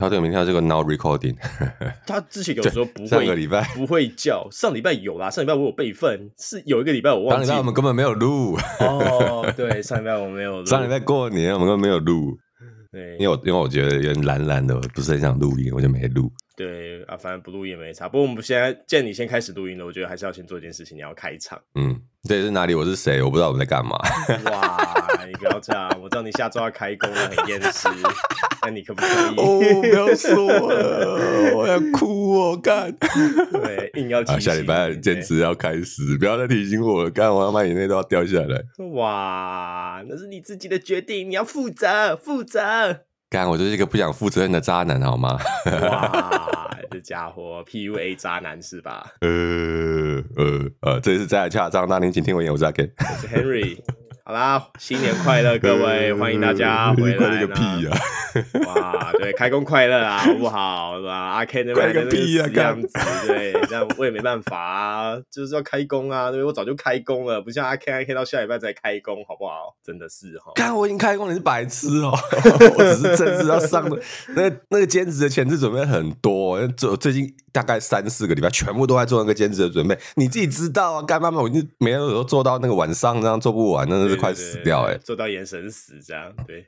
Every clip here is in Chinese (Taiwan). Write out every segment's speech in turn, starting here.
他對這個名叫這個 now recording，他之前有時候不會，不會叫，上禮拜有啦，上禮拜我有備份，是有一個禮拜我忘記了，上禮拜我們根本沒有錄。哦，對，上禮拜我們沒有錄，上禮拜過年我們都沒有錄，對，因為我因為我覺得有點懶懶的，不是很想錄音，我就沒錄。對啊，反正不錄音也沒差。不過我們現在見你先開始錄音了，我覺得還是要先做一件事情，你要開場。嗯，這裡是哪裡？我是誰？我不知道我們在幹嘛。 哇，你不要這樣， 我知道你下周要開工，很厭世。那 你可不可以？哦，不要說了， 我要哭，哦，我幹。 對，硬要啊，下禮拜堅持要開始，不要再提醒我了，幹，欸，我要把眼淚都要掉下來。哇，那是你自己的決定，你要負責，負責。幹，我就是一個不想負責任的渣男，好嗎？哇， 這家伙 PUA 渣男是吧？呃呃呃、呃、呃，這次宅爾喬亞，那您請聽我言，我是阿 Ken，我是 Henry。 好啦，新年快樂，各位歡迎大家回來啦、啊！哇，對，開工快樂啊， 好不好是是？是吧？阿 K 那邊那個屁啊，這、那個、樣子，對，這 樣我也沒辦法啊，就是要開工啊，因為我早就開工了，不像阿 K，阿 K 到下禮拜才開工，好不好？真的是哦。看我已經開工，你是白痴哦！ 我只是正式要上的 那個、那個兼職的前置準備很多，最最近大概三四個禮拜，全部都在做那個兼職的準備，你自己知道啊，幹嗎嘛？我已經每天都做到那個晚上，這樣做不完，那個、是。對對對，快死掉哎、欸！做到眼神死這樣，對。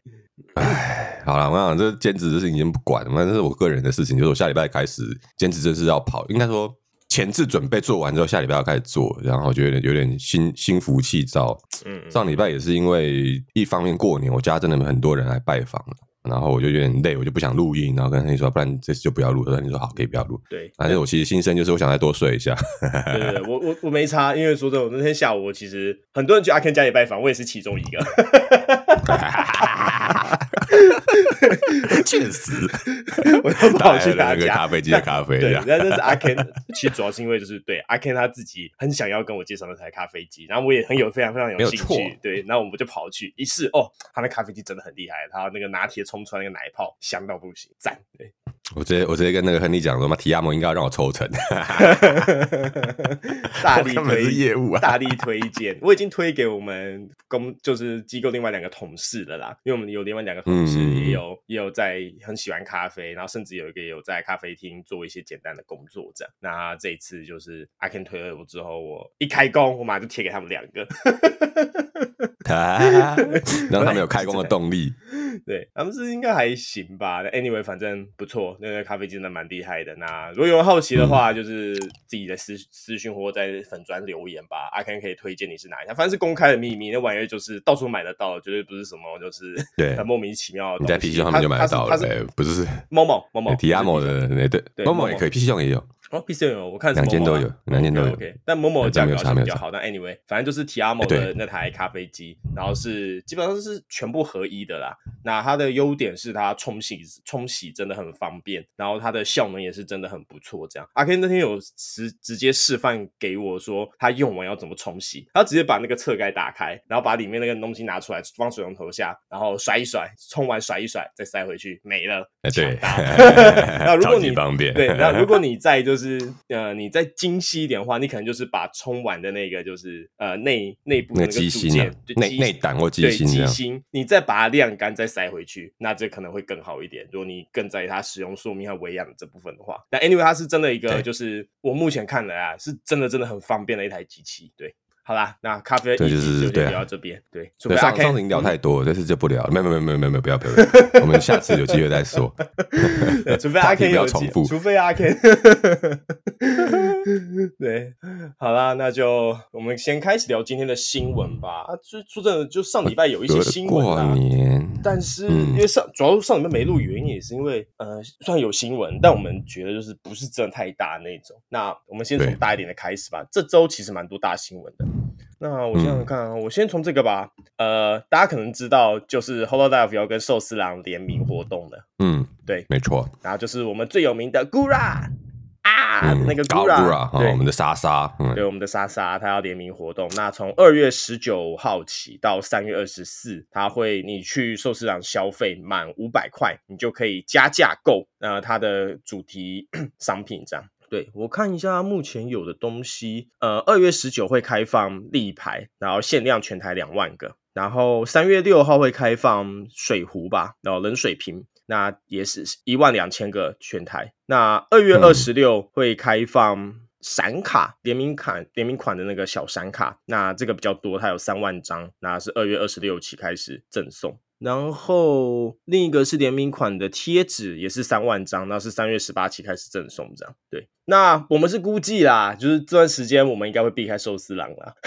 哎，好了，我想這兼職的事情已經不管了，反正是我個人的事情。就是我下禮拜開始兼職，正式要跑。應該說前置準備做完之後，下禮拜要開始做，然後覺得有點心心浮氣躁、嗯嗯。上禮拜也是因為一方面過年，我家真的很多人來拜訪了。然後我就有點累，我就不想錄音，然後跟他說，不然這次就不要錄。他說，你說好，可以不要錄。對，而且我其實心聲就是，我想再多睡一下。對，對 我我我沒差，因為說真的，那天下午我其實很多人去阿 Ken 家裡拜訪，我也是其中一個。 確實， 我都跑去拿 個咖啡機的咖啡但。對，那這， 這是阿 Ken。其實主要是因為就是對阿 Ken 他自己很想要跟我介紹那台咖啡機，然後我也很有非常、嗯、非常有興趣有、啊。對，然後我們就跑去一試，哦，他那咖啡機真的很厲害，他那個拿鐵沖出來那個奶泡香到不行，讚！對，我直接我直接跟那個亨利講，說嘛，提亞蒙應該要讓我抽成， 大力推業務啊，大力推薦。我已經推給我們公就是機構另外兩個同事了啦，因為我們有另外兩個同事、嗯、也有也有在。很喜歡咖啡，然後甚至有一個有在咖啡廳做一些簡單的工作這樣。那這一次就是阿 Ken 推了我之後，我一開工，我馬上就貼給他們兩個、 啊，然後他們有開工的動力。對他們是應該還行吧？Anyway，反正不錯，那個咖啡機真的蠻厲害的。那如果有人好奇的話，嗯、就是自己的私私訊或在粉專留言吧。嗯、阿 Ken 可以推薦你是哪一家，反正是公開的秘密。那玩意就是到處買得到，絕對不是什麼就是對很莫名其妙的東西。的。你在啤酒他們就買得到了。他是哎、不是，某某某某迪亞某的某某也可以，P C 上也有。哦，P C 有，我看兩間都有，兩間都有。O、okay, K，、okay, 但某某價格比較好。但 anyway，反正就是 Tiamo 的那台咖啡機，欸，然後是基本上是全部合一的啦。那它的優點是它沖洗沖洗真的很方便，然後它的效能也是真的很不錯。這樣，阿 Ken 那天有直直接示範給我說，他用完要怎麼沖洗，他直接把那個側蓋打開，然後把裡面那個東西拿出來，放水龍頭下，然後甩一甩，沖完甩一甩，再塞回去，沒了。欸、對， 那如果你方便，對，那如果你在就是。 是呃，你再精細一點的話，你可能就是把沖完的那個就是呃內內部的那個組件、內內膽或機芯你，你再把它晾乾，再塞回去，那這可能會更好一點。如果你更在意它使用壽命和維養這部分的話，那 anyway 它是真的一個就是我目前看來啊，是真的真的很方便的一台機器，對。好啦，那咖啡就是就就對、啊、對，這邊對。上次聊太多，嗯、這次就不聊了。沒有，沒有，沒有，沒有，沒有，不要不要，不要。 我們下次有機會再說。 除非阿 K 不要重複，除非阿、啊、K。 非 對，好啦，那就我們先開始聊今天的新聞吧。啊，就說真的，就上禮拜有一些新聞啊。但是因為上、嗯、主要上禮拜沒錄原音，也是因為呃，算有新聞，但我們覺得就是不是真的太大的那種。那我們先從大一點的開始吧。這周其實蠻多大新聞的。那我想想看啊、嗯，我先從這個吧。呃，大家可能知道，就是 Hold l i v e 要跟壽司郎聯名活動的。嗯，對，沒錯。然後就是我們最有名的 Gura。啊嗯、那個 Gura 對，我們的莎莎，對，我們的莎莎，他要聯名活動。那從二月十九號起到三月二十四，他會，你去壽司郎消費滿五百塊，你就可以加價購那他、呃、的主題商品這樣。對我看一下目前有的東西，呃，二月十九會開放立牌，然後限量全台兩萬個，然後三月六號會開放水壺吧，然後冷水瓶。那也是一萬兩千個全台。那二月二十六會開放閃卡、嗯、聯名款聯名款的那個小閃卡，那這個比較多，它有三萬張，那是二月二十六起開始贈送。然後另一個是聯名款的貼紙，也是三萬張，那是三月十八起開始贈送。這樣，對。那我們是估計啦，就是這段時間我們應該會避開壽司郎啦。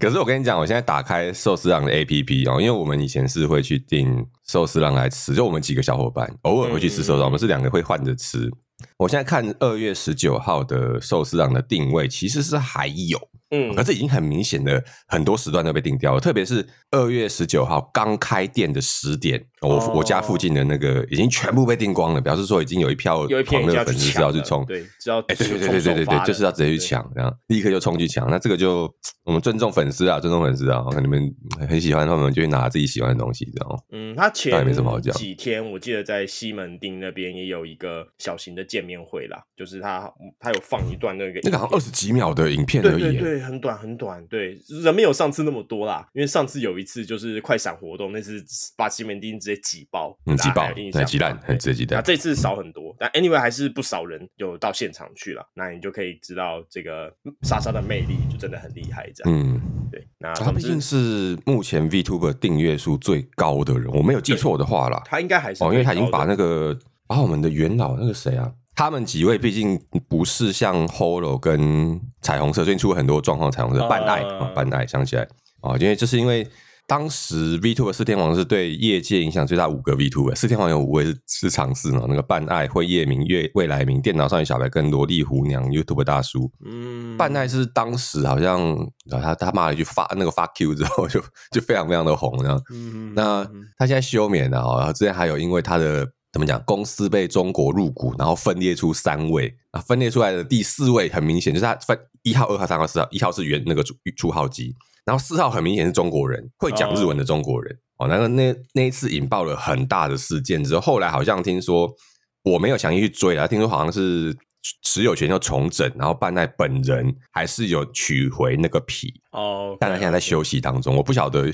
可是我跟你講，我現在打開壽司郎的 APP 哦，因為我們以前是會去訂壽司郎來吃，就我們幾個小伙伴偶爾會去吃壽司，嗯，我們是兩個會換着吃。我現在看二月十九號的壽司郎的訂位，其實是還有。嗯，可是已經很明顯的很多時段都被定掉了，特別是二月十九號剛開店的十點，我、哦、我家附近的那個已經全部被定光了，表示說已經有一票有一票狂熱粉絲是要去衝，對，要，欸、對對對對對對，就是要直接去搶，然後立刻就衝去搶、嗯。那這個就我們尊重粉絲啊，尊重粉絲啊，看你們很喜歡他們，就去拿自己喜歡的東西，知道嗎？嗯，他前也沒什麼好講。幾天我記得在西門町那邊也有一個小型的見面會啦，嗯、就是他他有放一段那個，那個、好像二十幾秒的影片而已。對對對。很短很短，對，人沒有上次那麼多啦，因為上次有一次就是快閃活動，那次把西門町直接擠爆，擠、嗯、爆，很擠爛，很，很直接擠爛、欸。那這次少很多，但 anyway 還是不少人有到現場去了，那你就可以知道這個莎莎的魅力就真的很厲害，這樣。嗯，對。那他畢竟是目前 VTuber 訂閱數最高的人，我沒有記錯的話啦，他應該還是，哦，因為他已經把那個把、哦、我們的元老那個誰啊。他們幾位畢竟不是像 Holo 跟彩虹色，最近出了很多狀況。彩虹色絆愛啊、哦，絆愛，想起來啊，因、哦、為就是因為當時 V Two 的四天王是對業界影響最大五個 V Two 的四天王有五位是是常識呢。那個絆愛輝夜明月未來明，電腦上有小白跟蘿莉狐娘 YouTube 大叔，嗯，絆愛是當時好像、啊、他他罵了一句發那個 fuck you 之後就就非常非常的紅，然嗯,嗯,嗯那。那他現在休眠了啊，然、哦、後之前還有因為他的。怎麼講？公司被中國入股，然後分裂出三位啊，分裂出來的第四位很明顯就是他分一號、二號、三號、四號，一號是原那個初號機，然後四號很明顯是中國人，會講日文的中國人哦、oh.。那個那那一次引爆了很大的事件，之後後來好像聽說，我沒有詳細去追了，聽說好像是持有權要重整，然後半奈本人還是有取回那個皮哦，oh, okay, okay. 但他現在在休息當中，我不曉得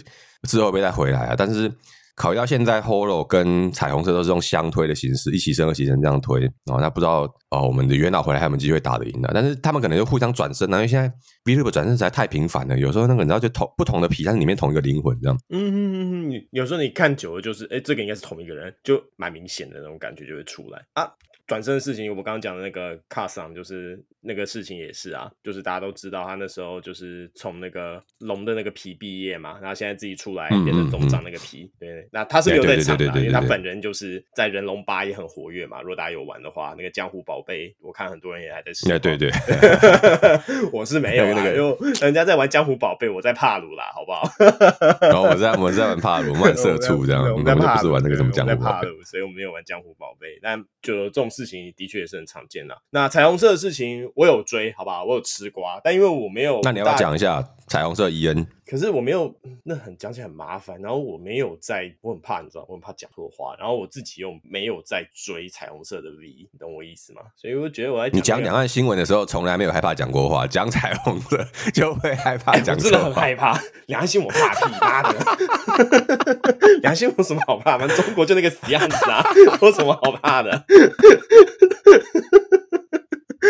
之後會不會再回來啊，但是。考慮到現在 Holo 跟彩虹社都是用相推的形式，一期生，二期生這樣推，然、哦、後那不知道啊、哦，我們的元老回來還有沒有機會打得贏了、啊，但是他們可能就互相轉身，因為現在 VTuber 轉身實在太頻繁了，有時候那個你知道就同不同的皮，但是裡面同一個靈魂這樣。嗯嗯嗯嗯，有時候你看久了就是，哎、欸，這個應該是同一個人，就蠻明顯的那種感覺就會出來啊。轉身的事情，我剛剛講的那個 kson 就是那個事情也是啊，就是大家都知道他那時候就是從那個龍的那個皮畢業嘛，然後現在自己出來變成總長那個皮，嗯嗯嗯、對。那他是留在場了，yeah, 因為他本人就是在人龍八也很活躍嘛。Yeah, 如果大家有玩的話，對對對那個江湖寶貝，我看很多人也還在吃哎，yeah, 對,對對， 我是沒有 那個，因為人家在玩江湖寶貝，我在帕魯啦，好不好？ 然後我們在， 我們在玩帕魯，我很社畜這樣，的，我們就不是玩那個什麼江湖。我在帕魯，所以我們沒有玩江湖寶貝。但就這種事情，的確也是很常見了。那彩虹色的事情，我有追，好不好？我有吃瓜，但因為我沒有，那你要不要講一下彩虹色伊恩？可是我沒有，那很講起來很麻煩。然後我沒有在。我很怕，你知道，我很怕講錯話，然後我自己又沒有在追彩虹色的 V，你懂我意思嗎？所以我覺得我在你講兩岸新聞的時候，從來沒有害怕講過話，講彩虹色就會害怕講，欸、我真的很害怕。良心我怕屁，媽的，良 心我有什麼好怕的？ 中國就那個死樣子啊，我有什麼好怕的？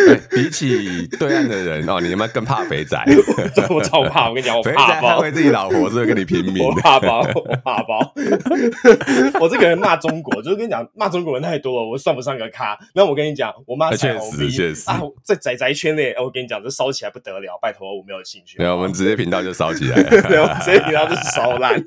對、欸，比起對岸的人哦，你他媽更怕肥仔， 我超怕。我跟你講，我怕。怕會自己老婆是會跟你拼命，我怕包。我怕包。我、包 我這個人罵中國，就是跟你講，罵中國人太多了，我算不上個咖。那我跟你講，我罵死，我逼、啊、在宅宅圈內，我跟你講，這燒起來不得了。拜託，我沒有興趣。沒有，我們直接頻道就燒起來， 直接頻道就燒爛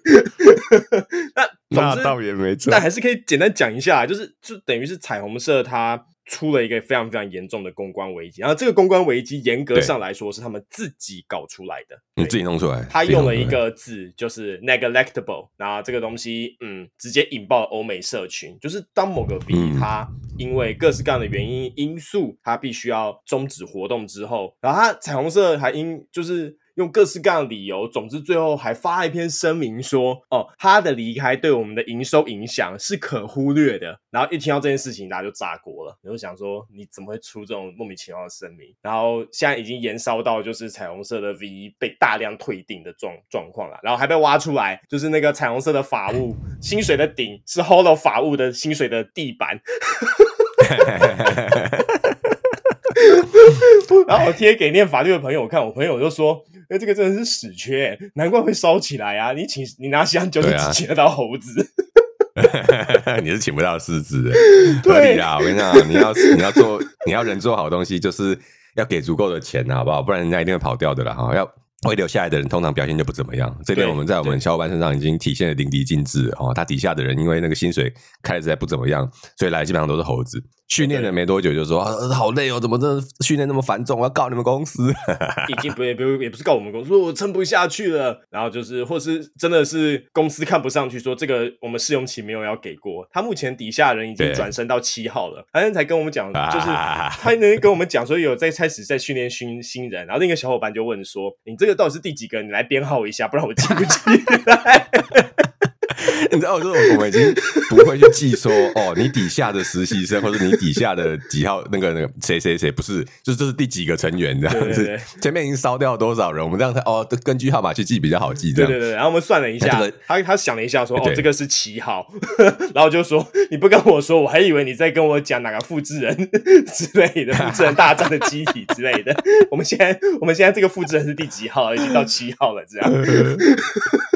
。那倒也沒錯，但還是可以簡單講一下，就是就等於是彩虹社他。出了一個非常非常嚴重的公關危機。然後這個公關危機嚴格上來說是他們自己搞出來的，你、嗯、自己弄出來，他用了一個字就是 neglectable，然後這個東西嗯直接引爆了歐美社群，就是當某個幣、嗯、他因為各式各樣的原因因素，他必須要終止活動之後，然後他彩虹社還因就是。用各式各樣的理由，總之最後還發一篇聲明說：“哦，他的離開對我們的營收影響是可忽略的。”然後一聽到這件事情，大家就炸鍋了。然後想說：“你怎麼會出這種莫名其妙的聲明？”然後現在已經延燒到就是彩虹色的 V 被大量退訂的狀狀況了，然後還被挖出來，就是那個彩虹色的法務薪水的頂是 Holo 法務的薪水的地板。 然後我貼給念法律的朋友看，我朋友就說。因為這個真的是屎缺，難怪會燒起來啊！你請，你拿香蕉就是只請得到猴子，哈哈哈， 你是請不到獅子的，合理啦。我跟你講，你要你要做，你要人做好東西，就是要給足夠的錢，好不好？不然人家一定會跑掉的啦。哈、哦，要會留下來的人，通常表現就不怎麼樣。這邊我們在我們小伙伴身上已經體現的淋漓盡致哦。他底下的人，因為那個薪水開的實在不怎麼樣，所以來基本上都是猴子。訓練了沒多久就說對對、啊、好累哦，怎麼這訓練那麼繁重？我要告你們公司。已經不也不也不是告我們公司，說我撐不下去了。然後就是或是真的是公司看不上去，說這個我們試用期沒有要給過。他目前底下人已經轉升到七號了，他現在才跟我們講，就是他、啊、能跟我們講說有在開始在訓練新新人。然後另一個小夥伴就問說：“你這個到底是第幾個？你來編號一下，不然我記不起來。 ” 你知道，就是我們已經不會去記說哦，你底下的實習生，或者你底下的幾號那個那個誰誰誰，不是，就是這是第幾個成員這樣子，對對對對。前面已經燒掉了多少人？我們這樣他，哦，根據號碼去記比較好記。對，對對對。然後我們算了一下，哎就是、他他想了一下說，說哦對對，這個是七號。然後就說你不跟我說，我還以為你在跟我講哪個複製人之類的複製人大戰的機體 之類的。我們現在我們現在這個複製人是第幾號？已經到七號了，這樣。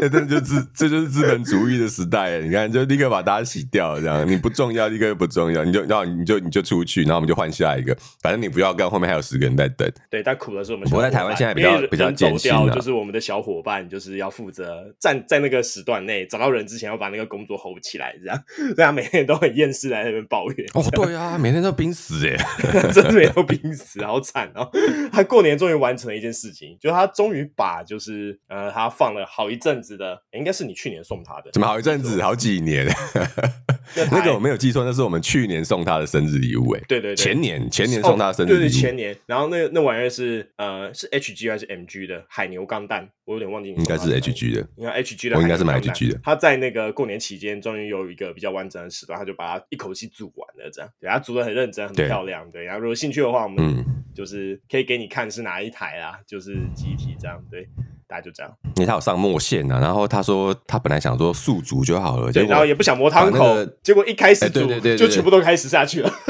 那這就這就是資本主義。不遇的時代，你看，就立刻把大家洗掉，這樣你不重要，立刻又不重要，你就然後你就你就，你就出去，然後我們就換下一個，反正你不要幹，後面還有十個人在等。對，但苦的是我們。我在台灣現在比較比較走掉，就是我們的小夥伴，就是要負責站在那個時段內、啊、找到人之前，要把那個工作吼起來，這樣。對啊，每天都很厭世，在那邊抱怨。哦，對啊，每天都要瀕死哎、欸， 真的要瀕死，好慘哦、喔。 他過年終於完成了一件事情，就他終於把就是呃，他放了好一陣子的，欸、應該是你去年送他的。怎麼好一陣子，好幾年？ 那個我沒有記錯，那是我們去年送他的生日禮物哎、欸。對對對，前年前年送他的生日禮物，前年，前、年禮物對對對前年。然後那個、那玩意兒是呃，是 H G 還是 M G 的海牛鋼彈，我有點忘記。應該是 H G 的，應該 H G 的鋼鋼，我應該是買 H G 的。他在那個過年期間終於有一個比較完整的時段，他就把它一口氣組完了，這樣。對，他組得很認真，很漂亮對。對，然後如果興趣的話，我們就是可以給你看是哪一台啊、嗯，就是機體這樣對。大家就這樣，因為他有上墨線啊，然後他說，他本來想說速煮就好了，結果然後，也不想磨湯口，那個。結果一開始煮，欸，就全部都開始下去了。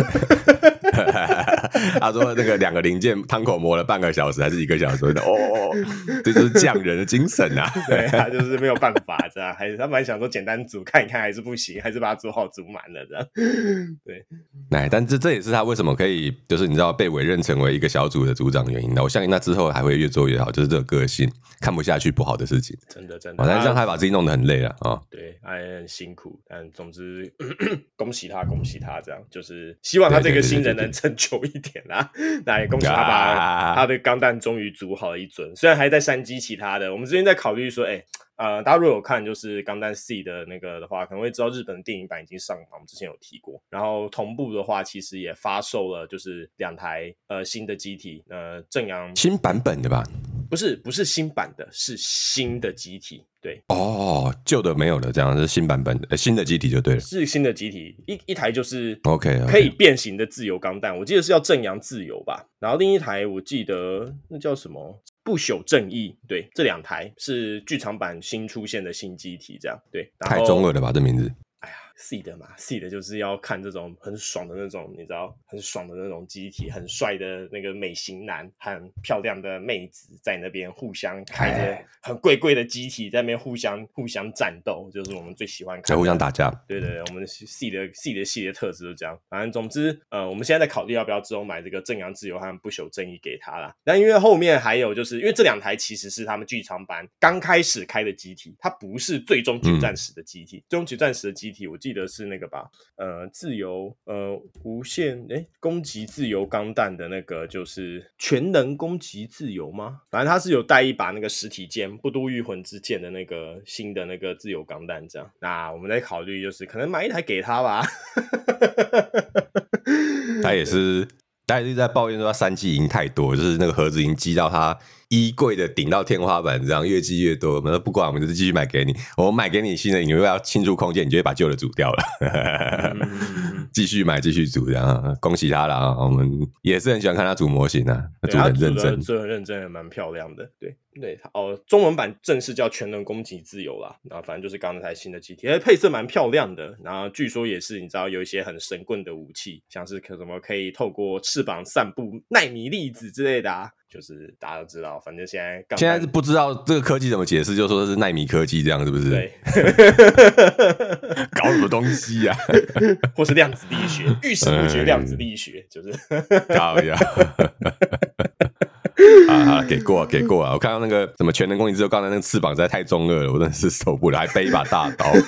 他說：“那個兩個零件湯口磨了半個小時還是一個小時的哦哦，oh, 這就是匠人的精神啊， 對啊！對，他就是沒有辦法這樣，啊，還是他本來想說簡單煮看一看，還是不行，還是把它煮好煮滿了這樣，啊。對，來，但這這也是他為什麼可以就是你知道被委任成為一個小組的組長原因的。我相信他之後還會越做越好，就是這個個性看不下去不好的事情，真的真的。但是這他還把自己弄得很累了，哦、啊。對，哎，很辛苦。但總之咳咳，恭喜他，恭喜他，這樣就是希望他這個新人能成就一點。”天吶！那也恭喜他吧，他的鋼彈終於組好了一尊，雖然還在山雞其他的。我們之前在考慮說，哎，呃，大家如果有看就是鋼彈 C 的那個的話，可能會知道日本電影版已經上嘛。之前有提過，然後同步的話，其實也發售了，就是兩台呃新的機體，呃正陽版新版本的吧。不是，不是新版的，是新的機體。對，哦，舊的沒有了，這樣這是新版本的，新的機體就對了。是新的機體，一一台就是 OK，可以變形的自由鋼彈，okay, okay. 我記得是叫正陽自由吧。然後另一台，我記得那叫什麼？不朽正義。對，這兩台是劇場版新出現的新機體，這樣對。太中二了吧，這名字。C 的嘛，C 的就是要看這種很爽的那種，你知道，很爽的那種機體，很帥的那個美型男，很漂亮的妹子在那邊互相開着很貴貴的機體，在那邊互相互相戰鬥，就是我們最喜歡看的互相打架。對對，對我們 C 的 C 的戲的特質就這樣。反正總之，呃，我們現在在考慮要不要之後買這個正陽自由和不朽正義給他啦。那因為後面還有，就是因為這兩台其實是他們劇場版剛開始開的機體，它不是最終決戰時的機體。嗯、最終決戰時的機體，我。記得是那個吧？呃，自由呃，無限哎，攻擊自由鋼彈的那個就是全能攻擊自由嗎？反正他是有帶一把那個實體劍，不多御魂之劍的那個新的那個自由鋼彈這樣。那我們在考慮就是可能買一台給他吧。 他也是，他一直在抱怨說他三級贏太多，就是那個盒子已經寄到他衣櫃的頂到天花板，這樣越積越多。我們都不管，我們就是繼續買給你。我買給你新的，你又要清出空間，你就會把舊的組掉了。繼 續買，繼續組。然後恭喜他了啊！我們也是很喜歡看他組模型的，啊，組很認真，他組很認真，也蠻漂亮的。對對，哦，中文版正式叫《全能攻擊自由》啦。然後反正就是剛才新的機體，而且配色蠻漂亮的。然後據說也是你知道有一些很神棍的武器，像是可什麼可以透過翅膀散布奈米粒子之類的啊。就是大家都知道，反正現在剛現在是不知道這個科技怎麼解釋，就說是納米科技這樣是不是？ 搞什麼東西啊？ 或是量子力學，遇、嗯、事不得量子力學，就是 搞一呀下。 啊，啊，給過啊，給過，啊。我看到那個什麼全能公擊之後，剛才那個翅膀實在太中二了，我真的是受不了，還背一把大刀。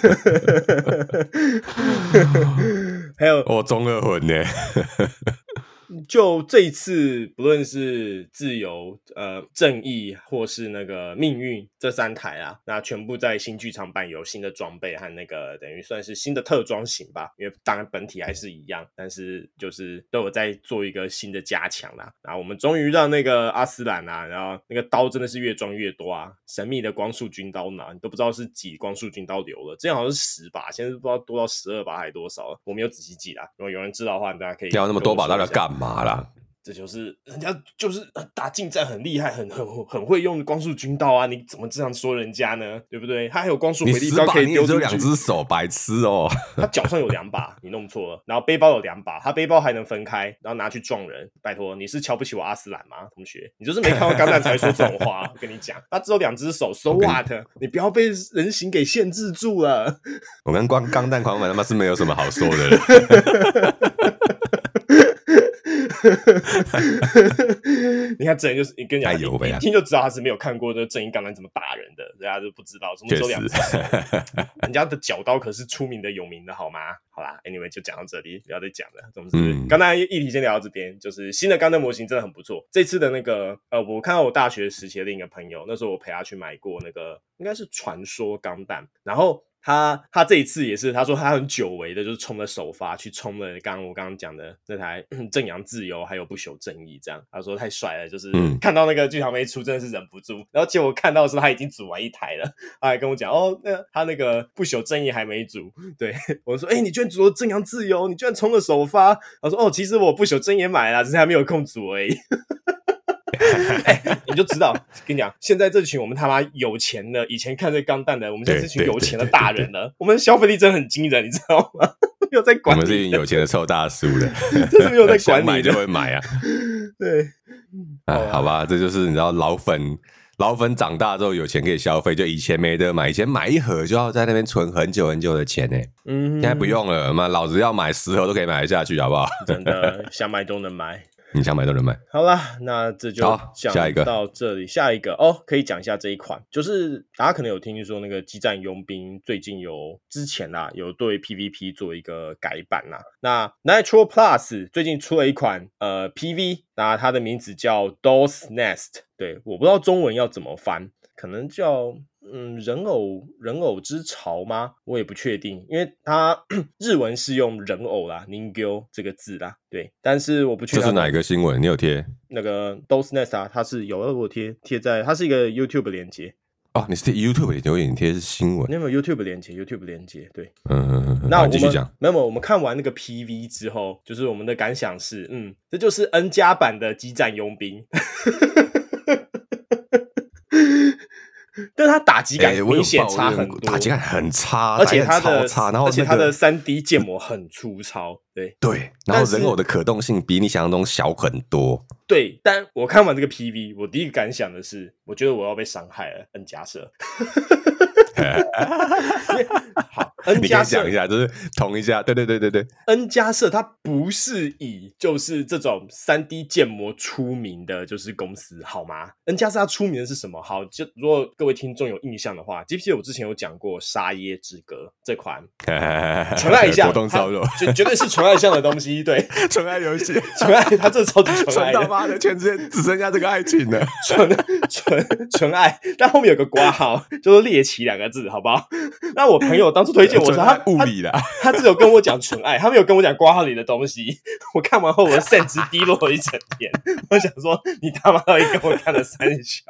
還有哦，中二魂呢？ 就這一次，不論是自由、呃正義或是那個命運這三台啊，那全部在新劇場版有新的裝備和那個等於算是新的特裝型吧，因為當然本體還是一樣，但是就是都有在做一個新的加強啦。然後我們終於讓那個阿斯蘭啊，然後那個刀真的是越裝越多啊，神秘的光束軍刀拿，你都不知道是幾光束軍刀流了，之前好像是十把，現在不知道多到十二把還多少，我沒有仔細記啦。如果有人知道的話，你大家可以要那麼多把來，大家幹嘛？好啦，這就是人家就是打近戰很厲害，很很很會用光束軍刀啊！你怎麼這樣說人家呢？對不對？他還有光束回力刀可以丟出去。只有兩隻手白痴哦，他腳上有兩把，你弄錯了。然後背包有兩把，他背包還能分開，然後拿去撞人。拜托，你是瞧不起我阿斯蘭嗎，同學？你就是沒看到鋼彈才說這種話。 我跟你講，他只有兩隻手，so what？你不要被人形給限制住了。我跟光鋼彈狂粉他媽是沒有什麼好說的。 呵呵呵呵，你看，這人就是跟你跟講，一聽就知道他是沒有看過這正義鋼彈怎麼打人的，人家都不知道什麼時候兩，人家的腳刀可是出名的有名的，好嗎？好啦，Anyway，就講到這裡，不要再講了，是不是？剛、嗯、才議題先聊到這邊，就是新的鋼彈模型真的很不錯。這次的那個，呃，我看到我大學時期的另一個朋友，那時候我陪他去買過那個，應該是傳說鋼彈，然後。他他這一次也是，他說他很久違的，就是衝了首發，去衝了剛，剛我剛剛講的這台正陽自由，還有不朽正義這樣。他說太帥了，就是看到那個劇場沒出，真的是忍不住。然後結果看到的時候，他已經組完一台了，他還跟我講哦，那他那個不朽正義還沒組。對我說，哎，你居然組了正陽自由，你居然衝了首發。他說，哦，其實我不朽正義也買了啦，只是還沒有空組而已。呵呵哎、 欸，你就知道，跟你講，現在這群我們他媽有錢的，以前看這鋼彈的，我們現在這群有錢的大人了，對，對對對對對我們消費力真的很驚人，你知道嗎？又 在管我們這群有錢的臭大叔了， 這是又在管，你想買就會買啊？ 對，啊，好吧， 這就是你知道，老粉老粉長大之後有錢可以消費，就以前沒得買，以前買一盒就要在那邊存很久很久的錢呢、欸。嗯，現在不用了嘛，老子要買十盒都可以買得下去，好不好？ 真的想買都能買。你想買的人買。好啦，那這就講下一個到這裡，下一個,下一個哦，可以講一下這一款，就是大家可能有聽說那個《機戰傭兵》最近有之前啦、啊，有對 PVP 做一個改版啦、啊。那 Nitro Plus 最近出了一款呃 PV，那它的名字叫 Dolls Nest，對，我不知道中文要怎麼翻，可能叫。嗯，人偶人偶之巢嗎？我也不確定，因為它日文是用人偶啦 n i n g u o 這個字啦，對。但是我不確定這是哪一個新聞？你有貼那個 Dolls Nest 啊，它是有我貼貼在，它是一個 YouTube 鏈接哦，你是 YouTube 有有貼是新聞，那麼、個、YouTube 鏈接 YouTube 鏈接，對，嗯嗯嗯。那我們繼續講，那麼我們看完那個 PV 之後，就是我們的感想是，嗯，這就是 N 加版的機戰傭兵。 但它打擊感明顯差很多，欸、打擊感很差，打擊很差，而且它的超差，然後、那個、而且它的三 D 建模很粗糙，對對，然後人偶的可動性比你想象中小很多，對。但我看完這個 PV，我第一個感想的是，我覺得我要被傷害了，很假設。 好。N 加社講一下、N，就是同一下，對對對對對。N 加社它不是以就是這種三 D 建模出名的，就是公司好嗎？N 加社它出名的是什麼？好，就如果各位聽眾有印象的話，GPT 我之前有講過《沙耶之歌》這款。純、啊、愛一下動操作，絕絕對是純愛向的東西， 對，純愛遊戲，純愛，它真的超級純愛，他媽的全世界只剩下這個愛情了，純純純愛，但後面有個括號，就是獵奇兩個字，好不好？那我朋友當初推薦。 我說他物理的，他只有跟我講純愛， 他沒有跟我講括號裡的東西。我看完後，我的 s e n s 低落了一整天。我想說，你他媽到底跟我看了三小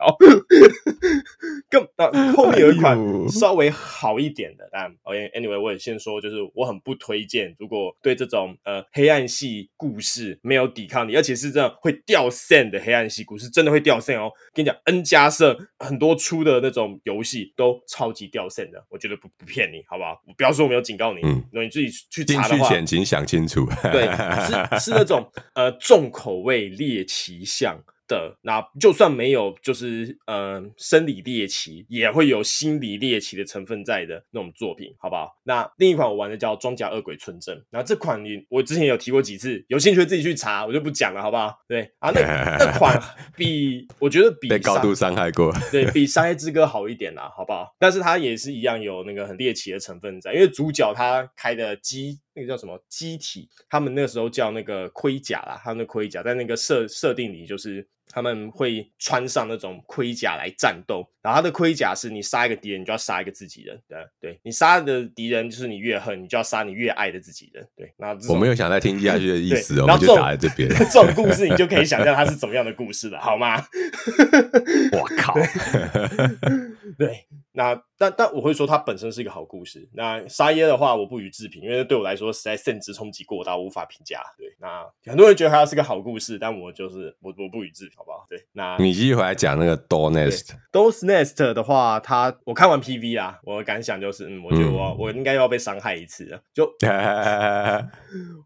更呃、啊，後面有一款稍微好一點的，但、哎 okay, anyway，我也先說，就是我很不推薦。如果對這種呃黑暗系故事沒有抵抗力，而且是這樣會掉 s e n 的黑暗系故事，真的會掉 s e n 哦，跟你講，N 加社很多出的那種遊戲都超級掉 s e n 的，我覺得不不騙你，好不好？不要說我沒有警告你，嗯，那你自己去查的話，進去前請想清楚。 對，是是那種呃重口味獵奇向，的那就算沒有，就是呃生理獵奇，也會有心理獵奇的成分在的那種作品，好不好？那另一款我玩的叫《裝甲惡鬼村正》，然後這款你我之前有提過幾次，有興趣自己去查，我就不講了，好不好？對啊，那那款比 我覺得比被高度傷害過 對，對比《沙耶之歌》好一點啦，啊，好不好？但是它也是一樣有那個很獵奇的成分在，因為主角他開的機。那個叫什麼機體？他們那個時候叫那個盔甲啦，他們的盔甲在那個設設定裡，就是他們會穿上那種盔甲來戰鬥。然後他的盔甲是你殺一個敵人，你就要殺一個自己人。對，對，你殺的敵人就是你越恨，你就要殺你越愛的自己人。對，那我沒有想再聽下去的意思哦。然後我就打在這邊， 這種故事你就可以想象它是怎麼樣的故事了，好嗎？我 靠，對，那。但但我會說它本身是一個好故事。那沙耶的話，我不予置評，因為對我來說實在甚至衝擊過大，無法評價。對，那很多人覺得它是個好故事，但我就是我我不予置評，好不好？對，那你繼續回來講那個 Dolls Nest。Dolls Nest 的話，他我看完 PV 啊，我的感想就是，嗯，我就我，嗯，我應該要被傷害一次了。就，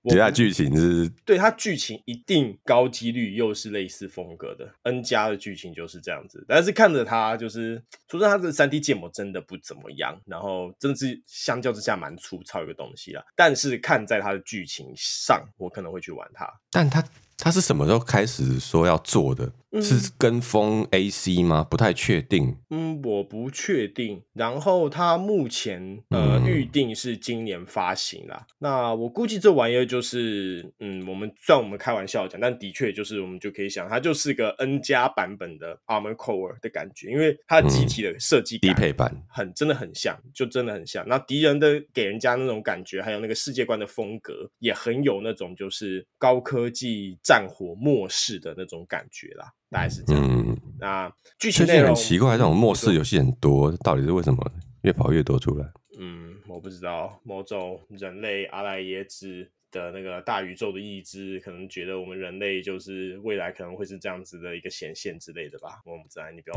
我覺得劇情是，對，它劇情一定高幾率又是類似風格的 N 加的劇情就是這樣子。但是看着它，就是除了它的三 D 建模真的。不怎麼樣，然後真的是相較之下蠻粗糙一個東西啦。但是看在他的劇情上，我可能會去玩他，但他他是什麼時候開始說要做的？是跟風 A C 嗎、嗯？不太確定。嗯，我不確定。然後它目前呃預定是今年發行啦。嗯、那我估計這玩意兒就是，嗯，我們雖然我們開玩笑講，但的確就是我們就可以想，它就是個 N 加版本的 Armor Core 的感覺，因為它機體的設計低配版很，嗯、很真的很像，就真的很像。那敵人的給人家那種感覺，還有那個世界觀的風格，也很有那種就是高科技戰火末世的那種感覺啦。大概是這樣。嗯，那最近很奇怪，嗯、這種末世遊戲很多、嗯，到底是為什麼？越跑越多出來。嗯，我不知道，某種人類阿賴耶識。的那個大宇宙的意志，可能覺得我們人類就是未來可能會是這樣子的一個顯現之類的吧，我們不知道，你不要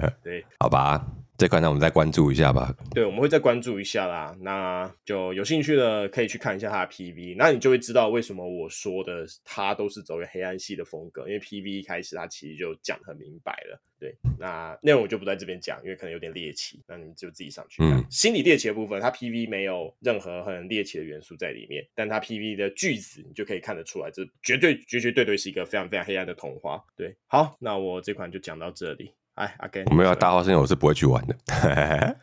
忘 對，好吧？這款呢，我們再關注一下吧。對，我們會再關注一下啦。那就有興趣的可以去看一下它的 PV，那你就會知道為什麼我說的它都是走個黑暗系的風格，因為 PV 一開始它其實就講很明白了。對，那內容我就不在這邊講，因為可能有點獵奇，那你們就自己上去看。嗯。心理獵奇的部分，它 PV 沒有任何很獵奇的元素在裡面，但它 PV 的句子你就可以看得出來，這絕對、絕絕對對是一個非常非常黑暗的童話。對，好，那我這款就講到這裡。哎，阿 Ken，我沒有大號聲音，我是不會去玩的。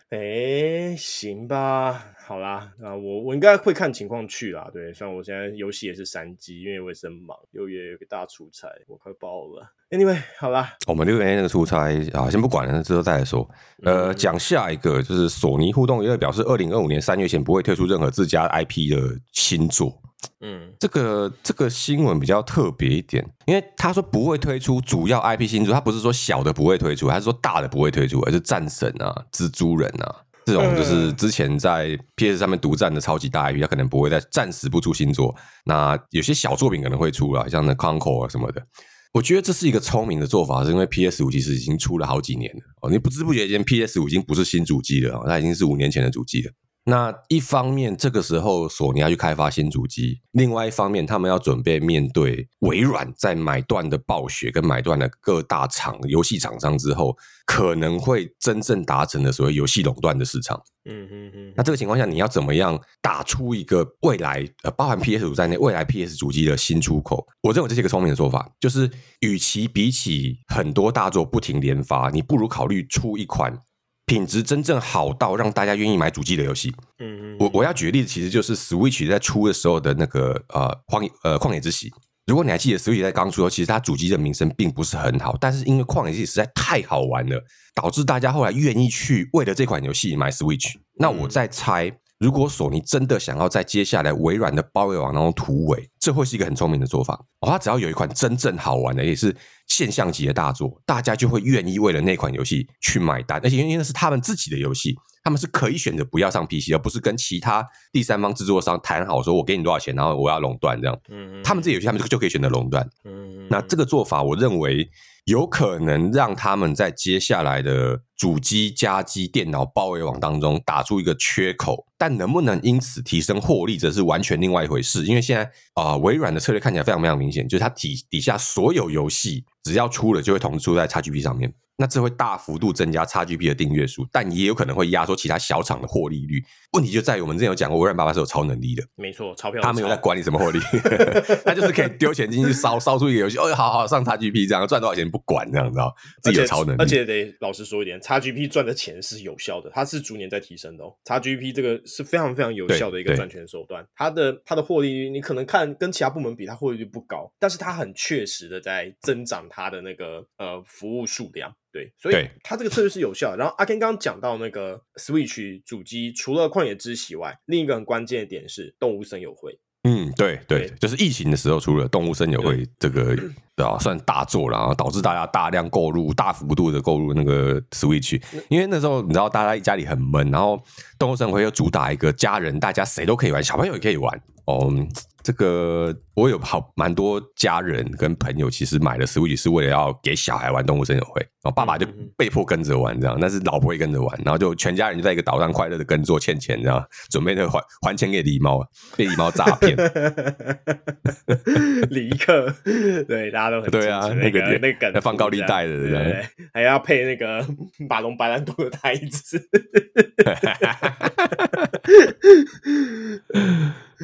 哎， 行吧。好啦，那我我應該會看情況去啦。對，雖然我現在遊戲也是三 G，因為我也是很忙，六月有個大出差，我快爆了。Anyway，好啦，我們六月那個出差啊，先不管了，之後再來說。呃，講、嗯、下一個就是索尼互動，也表示二零二五年三月前不會推出任何自家 IP 的新作。嗯，這個這個新聞比較特別一點，因為他說不會推出主要 IP 新作，他不是說小的不會推出，他是說大的不會推出，而是戰神啊、蜘蛛人啊。這種就是之前在 PS 上面獨佔的超級大 IP，它可能不會再暫時不出新作。那有些小作品可能會出啦，像那 Concord 什麼的。我覺得這是一個聰明的做法，是因為 PS 五其實已經出了好幾年了哦，你不知不覺間 PS 五已經不是新主機了，它已經是五年前的主機了。那一方面，這個時候索尼要去開發新主機；另外一方面，他們要準備面對微軟在買斷的暴雪跟買斷的各大廠遊戲廠商之後，可能會真正達成的所謂遊戲壟斷的市場。嗯哼嗯嗯。那這個情況下，你要怎麼樣打出一個未來呃，包含 PS 五在內，未來 PS 主機的新出口？我認為這是一個聰明的做法，就是與其比起很多大作不停連發，你不如考慮出一款。品質真正好到讓大家願意買主機的遊戲，嗯,嗯,嗯我我要舉的例子其實就是 Switch 在出的時候的那個呃荒呃曠野之息。如果你還記得 Switch 在剛出的時候，其實它主機的名聲並不是很好，但是因為曠野之息實在太好玩了，導致大家後來願意去為了這款遊戲買 Switch。嗯嗯那我在猜。如果索尼真的想要在接下來微軟的包圍網當中突圍，這會是一個很聰明的做法。哦，它只要有一款真正好玩的，也是現象級的大作，大家就會願意為了那款遊戲去買單。而且因為那是他們自己的遊戲，他們是可以選擇不要上 PC，而不是跟其他第三方製作商談好，說我給你多少錢，然後我要壟斷這樣。嗯嗯，他們自己遊戲他們就可以選擇壟斷。嗯嗯，那這個做法，我認為有可能讓他們在接下來的。主機加機、電腦包圍網當中打出一個缺口，但能不能因此提升獲利，則是完全另外一回事。因為現在啊、呃，微軟的策略看起來非常非常明顯，就是它底底下所有遊戲。只要出了，就會同時出在 XGP 上面，那這會大幅度增加 XGP 的訂閱數，但也有可能會壓縮其他小廠的獲利率。問題就在於我們之前有講過，微軟爸爸是有超能力的，沒錯，鈔票超，他沒有在管理什麼獲利， 他就是可以丟錢進去燒，燒 出一個遊戲，哦、哎，好好上 XGP 這樣賺多少錢不管，這樣知道？而且，自己有超能力。而且得老實說一點，XGP 賺的錢是有效的，它是逐年在提升的、哦。XGP 這個是非常非常有效的一個賺錢手段，它的它的獲利率你可能看跟其他部門比，它獲利率不高，但是它很確實的在增長。它的那個呃服務數量，對，所以它這個策略是有效的。然後阿 Ken 剛剛講到那個 Switch 主機，除了《曠野之息》外，另一個很關鍵的點是《動物森友會》。嗯，對對、對，就是疫情的時候出了《動物森友會》這個啊，算大作了，啊，然導致大家大量購入，大幅度的購入那個 Switch，那因為那時候你知道大家一，家裡很悶，然後《動物森友會》又主打一個家人，大家誰都可以玩，小朋友也可以玩，哦。這個我有好蠻多家人跟朋友，其實買的 Switch 是為了要給小孩玩動物森友會，然後爸爸就被迫跟着玩這樣，但是老婆會跟着玩，然後就全家人就在一個島上快樂的耕作欠錢這樣，知道準備要還還錢給狸貓，被狸貓詐騙。 狸克對大家都很對啊，那個、那個、那梗放高利貸的，人，不還要配那個馬龍白蘭度的台詞。 對、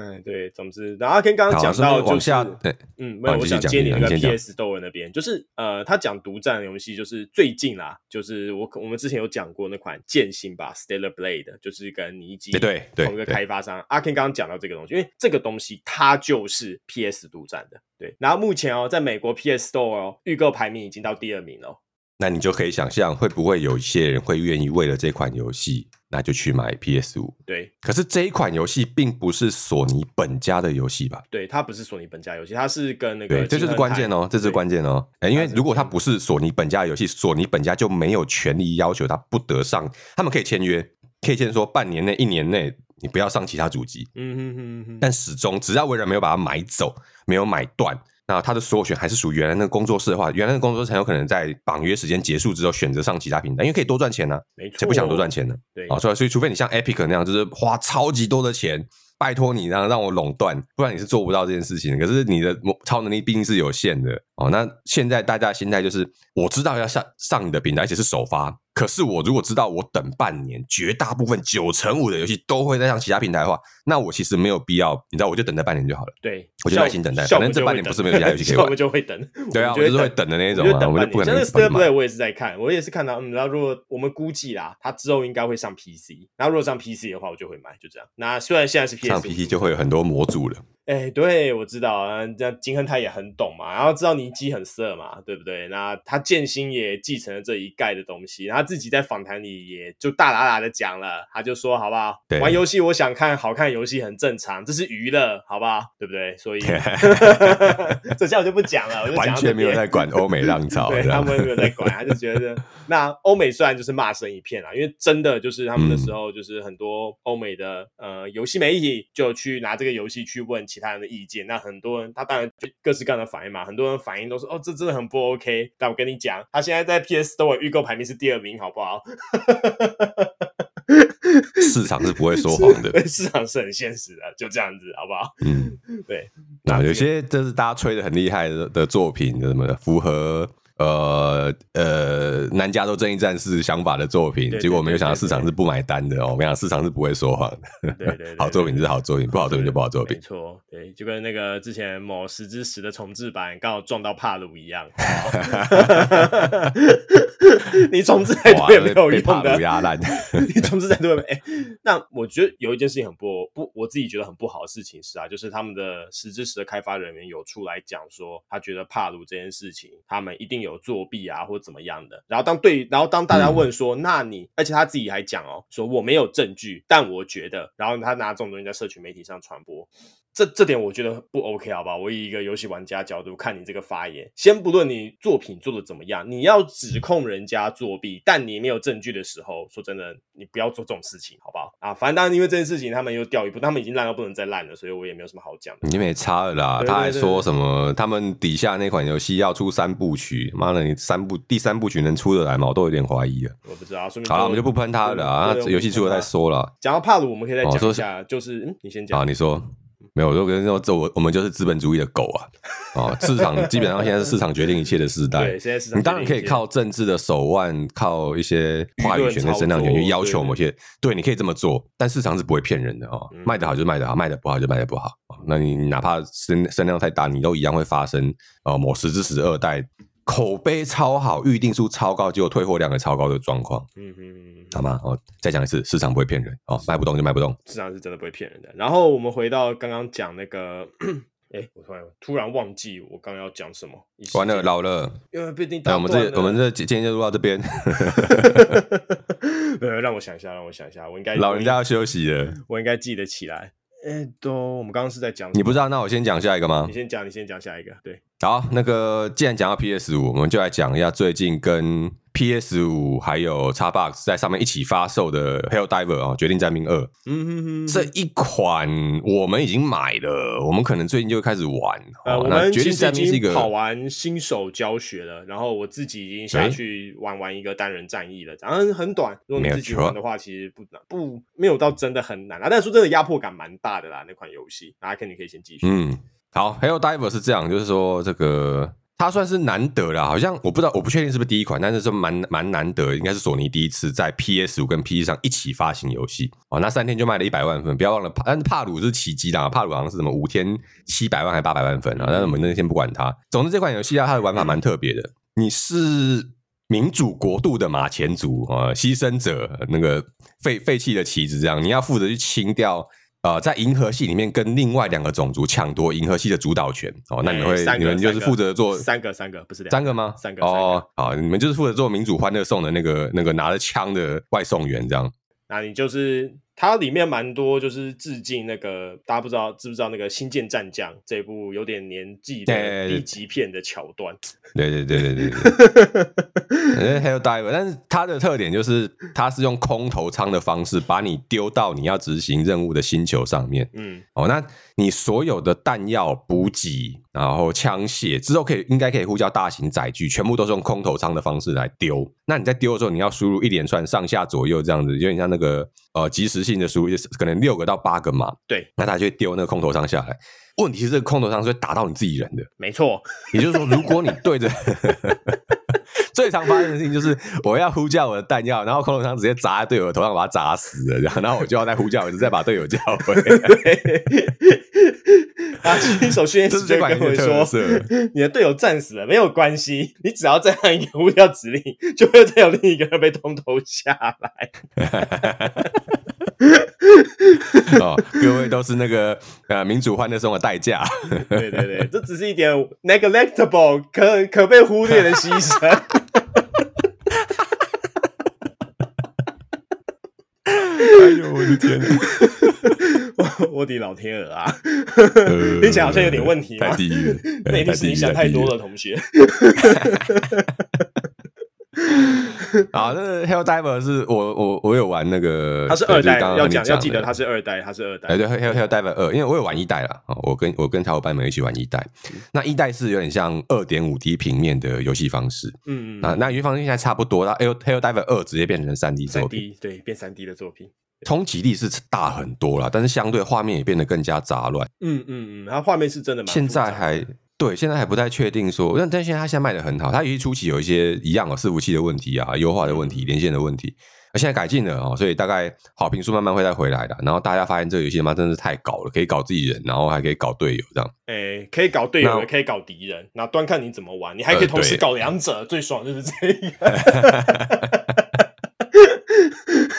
嗯、對，總之，然後阿 Ken 剛剛講到就像、是啊、對，嗯，沒有、嗯，我想接你那個 PS Store 那邊，就是呃，他講獨佔遊戲，就是最近啦、啊，就是我我們之前有講過那款劍星吧，Stellar Blade，就是跟尼基對對對對對同一個開發商。對對對，阿 Ken 剛剛講到這個東西，因為這個東西它就是 PS 獨佔的，對。然後目前哦，在美國 PS Store 哦，預購排名已經到第二名了。那你就可以想象，會不會有一些人會願意為了這款遊戲，那就去買 PS 五？對。可是這一款遊戲並不是索尼本家的遊戲吧？對，它不是索尼本家遊戲，它是跟那個……對，這就是關鍵哦，這是關鍵哦。欸，因為如果它不是索尼本家遊戲，索尼本家就沒有權利要求它不得上，他們可以簽約，可以先說半年內、一年內你不要上其他主機。嗯嗯嗯。但始終，只要微軟沒有把它買走，沒有買斷。那他的所有權還是屬於原來那個工作室的話，原來那個工作室很有可能在綁約時間結束之後選擇上其他平台，因為可以多賺錢呢、啊，誰不想多賺錢呢、啊？對啊、哦，所以除非你像 Epic 那樣，就是花超級多的錢拜託你，然後讓我壟斷，不然你是做不到這件事情。可是你的超能力畢竟是有限的哦。那現在大家的心態就是，我知道要上上你的平台，而且是首發。可是我如果知道我等半年，絕大部分九成五的遊戲都會在上其他平台的話，那我其實沒有必要，你知道，我就等待半年就好了。對，我就耐心等待，反正這半年不是沒有其他遊戲可以玩，我們就會等。對啊，我們就會我就是會等的那種、啊，我，就，等我就不可能真的 Steam 不對，我也是在看，我也是看到，嗯，然後如果我們估計啦，它之後應該會上 PC，然後如果上 PC 的話，我就會買，就這樣。那雖然現在是 PC，上 PC 就會有很多模組了。哎，對，我知道那這金亨泰也很懂嘛，然後知道尼基很色嘛，對不對？那他劍星也繼承了這一概的東西，然後自己在訪談裡也就大喇喇的講了，他就說，好不好？對玩遊戲，我想看好看遊戲，很正常，這是娛樂，好不好？對不對？所以 這下我就不講了講，完全沒有在管歐美浪潮， 對吧？他們沒有在管，他就覺得 那歐美雖然就是罵聲一片啊，因為真的就是他們的時候，就是很多歐美的、嗯、呃遊戲媒體就去拿這個遊戲去問錢。其他人的意見，那很多人他當然就各式各樣的反應嘛。很多人反應都是：“哦，這真的很不 OK。”但我跟你講，他現在在 PS 都有預購排名是第二名，好不好？ 市場是不會說謊的，市場是很現實的，就這樣子，好不好？嗯，對。那有些就是大家吹得很厲害的的作品，什麼的，符合。呃呃，南加州正義戰士想法的作品，結果沒有想到市場是不買單的哦。我們講市場是不會說謊的，對對，對，對，對，對，好作品是好作品，不好作品就不好作品，沒錯。對，就跟那個之前某十之十的重置版剛好撞到帕魯一樣， 你重置再多也沒有用的。 你重置再多呢、欸，那我覺得有一件事情很不不，我自己覺得很不好的事情是啊，就是他們的十之十的開發人員有出來講說，他覺得帕魯這件事情，他們一定有。有作弊啊，或者怎麼樣的？然後當，對，然後當大家問說、嗯，那你，而且他自己還講哦，說我沒有證據，但我覺得，然後他拿這種東西在社群媒體上傳播。這這點我覺得不 OK 好不好？我以一個遊戲玩家角度看你這個發言，先不論你作品做的怎麼樣，你要指控人家作弊，但你沒有證據的時候，說真的，你不要做這種事情，好不好？啊，反正當然因為這件事情，他們又掉一步，他們已經爛到不能再爛了，所以我也沒有什麼好講的。你沒差了啦，啦，他還說什麼他們底下那款遊戲要出三部曲，媽的，你三部第三部曲能出得來嗎？我都有點懷疑了。我不知道，說明好，我們就不噴他了啊，遊戲出了再說了。講到帕魯，我們可以再講一下，哦、就是嗯，你先講，好，你說。沒有，我跟你說，我我們就是資本主義的狗啊！哦，市場基本上現在是市場決定一切的時代。 對，現在是。你當然可以靠政治的手腕，靠一些話語權跟聲量權，去要求某些，對。對，你可以這麼做，但市場是不會騙人的哦、嗯。賣得好就賣得好，賣得不好就賣得不好。那你，你哪怕聲聲量太大，你都一樣會發生哦，某十至十二代。口碑超好，預定數超高，結果退貨量也超高的狀況，嗯哼、嗯嗯，好嗎？哦，再講一次，市場不會騙人哦，賣不動就賣不動，市場是真的不會騙人的。然後我們回到剛剛講那個，哎，我突然突然忘記我剛剛要講什麼，完了老了，因為我們這我們這今天就錄到這邊 沒有，讓我想一下，讓我想一下，我應該老人家要休息了，我應該記得起來。哎、欸，都，我們剛剛是在講，你不知道，那我先講下一個嗎？你先講，你先講下一個，對，好，那個既然講到 PS5，我們就來講一下最近跟 PS 五還有 Xbox 在上面一起發售的《Hell Diver》啊，《決定戰兵二》嗯哼哼，這一款我們已經買了，我們可能最近就開始玩。我、哦呃、我們決定戰是一個其實已經跑完新手教學了，然後我自己已經下去玩完一個單人戰役了，當、欸、然很，很短。如果你自己玩的話，其實不難不沒有到真的很難啊。但是說真的，壓迫感蠻大的啦。那款遊戲大家肯定可以先繼續。嗯，好，《Hell Diver》是這樣，就是說這個。它算是難得了，好像我不知道，我不確定是不是第一款，但是是蠻蠻難得，應該是索尼第一次在 P S 五跟 P C 上一起發行遊戲哦，那三天就賣了一百萬份，不要忘了，但是帕魯是奇蹟的，帕魯好像是什麼五天七百萬還是八百萬份啊，但是我們那先不管它。總之這款遊戲啊，它的玩法蠻特別的，嗯，你是民主國度的馬前卒啊，哦、犧牲者，那個廢廢棄的棋子，這樣你要負責去清掉。呃，在銀河系裡面跟另外兩個種族搶奪銀河系的主導權哦，那你們會，你們就是負責做三個三個，三個不是兩個三個嗎？三個哦三個，好，你們就是負責做民主歡樂送的那個那個拿着槍的外送員這樣，那你就是。它裡面蠻多，就是致敬那個，大家不知道知不知道那個《星艦戰將》這一部有點年紀的 B 級片的橋段。對對對對對對，你叫 Helldive，但是它的特點就是它是用空投艙的方式把你丟到你要執行任務的星球上面。嗯，哦那。你所有的彈藥補給，然後槍械之後可以應該可以呼叫大型載具，全部都是用空投艙的方式來丟。那你在丟的時候，你要輸入一連串上下左右這樣子，因為像那個呃即時性的輸入，可能六個到八個嘛。對，那它就會丟那個空投艙下來。問題是這個空投艙是會打到你自己人的，沒錯。也就是說，如果你對着。 最常發生的事情就是，我要呼叫我的彈藥，然後空投槍直接砸在隊友的頭上，把他砸死了。然後我就要再呼叫一次，再把隊友叫回來。 啊，新手訓練師就跟我說：“ 你的隊友戰死了，沒有關係，你只要再發一個呼叫指令，就會再有另一個人被通投下來。 ” 哦，各位都是那個呃民主化的時候的代價。 對對對，這只是一點 neglectable 可可被忽略的犧牲。 天， 我我滴老天鵝啊、呃！聽起來好像有點問題，太低了。那一定是你想太多的同學。 啊，那《Hell Diver》是我我我有玩那個，它是二代，剛剛講要講要記得它是二代，它是二代。哎，對，對《Hell Hell Diver》二，因為我有玩一代了啊，我跟我跟小伙伴們一起玩一代。嗯、那一代是有點像二點五 D 平面的遊戲方式，嗯啊，那遊戲方式現在差不多。那《Hell Hell Diver》二直接變成三 D 作品，三 D 對，變三 D 的作品，衝擊力是大很多了，但是相對畫面也變得更加雜亂。嗯嗯嗯，然、嗯、後畫面是真的，蠻的，現在還。對，現在還不太確定說，但但現在它現在賣得很好。它遊戲初期有一些一樣哦，伺服器的問題啊、優化的問題、連線的問題，而現在改進了哦，所以大概好評數慢慢會再回來的。然後大家發現這個遊戲他媽真的是太搞了，可以搞自己人，然後還可以搞隊友這樣。哎，可以搞隊友，也可以搞敵人，那端看你怎麼玩。你還可以同時搞兩者，呃、最爽就是這樣。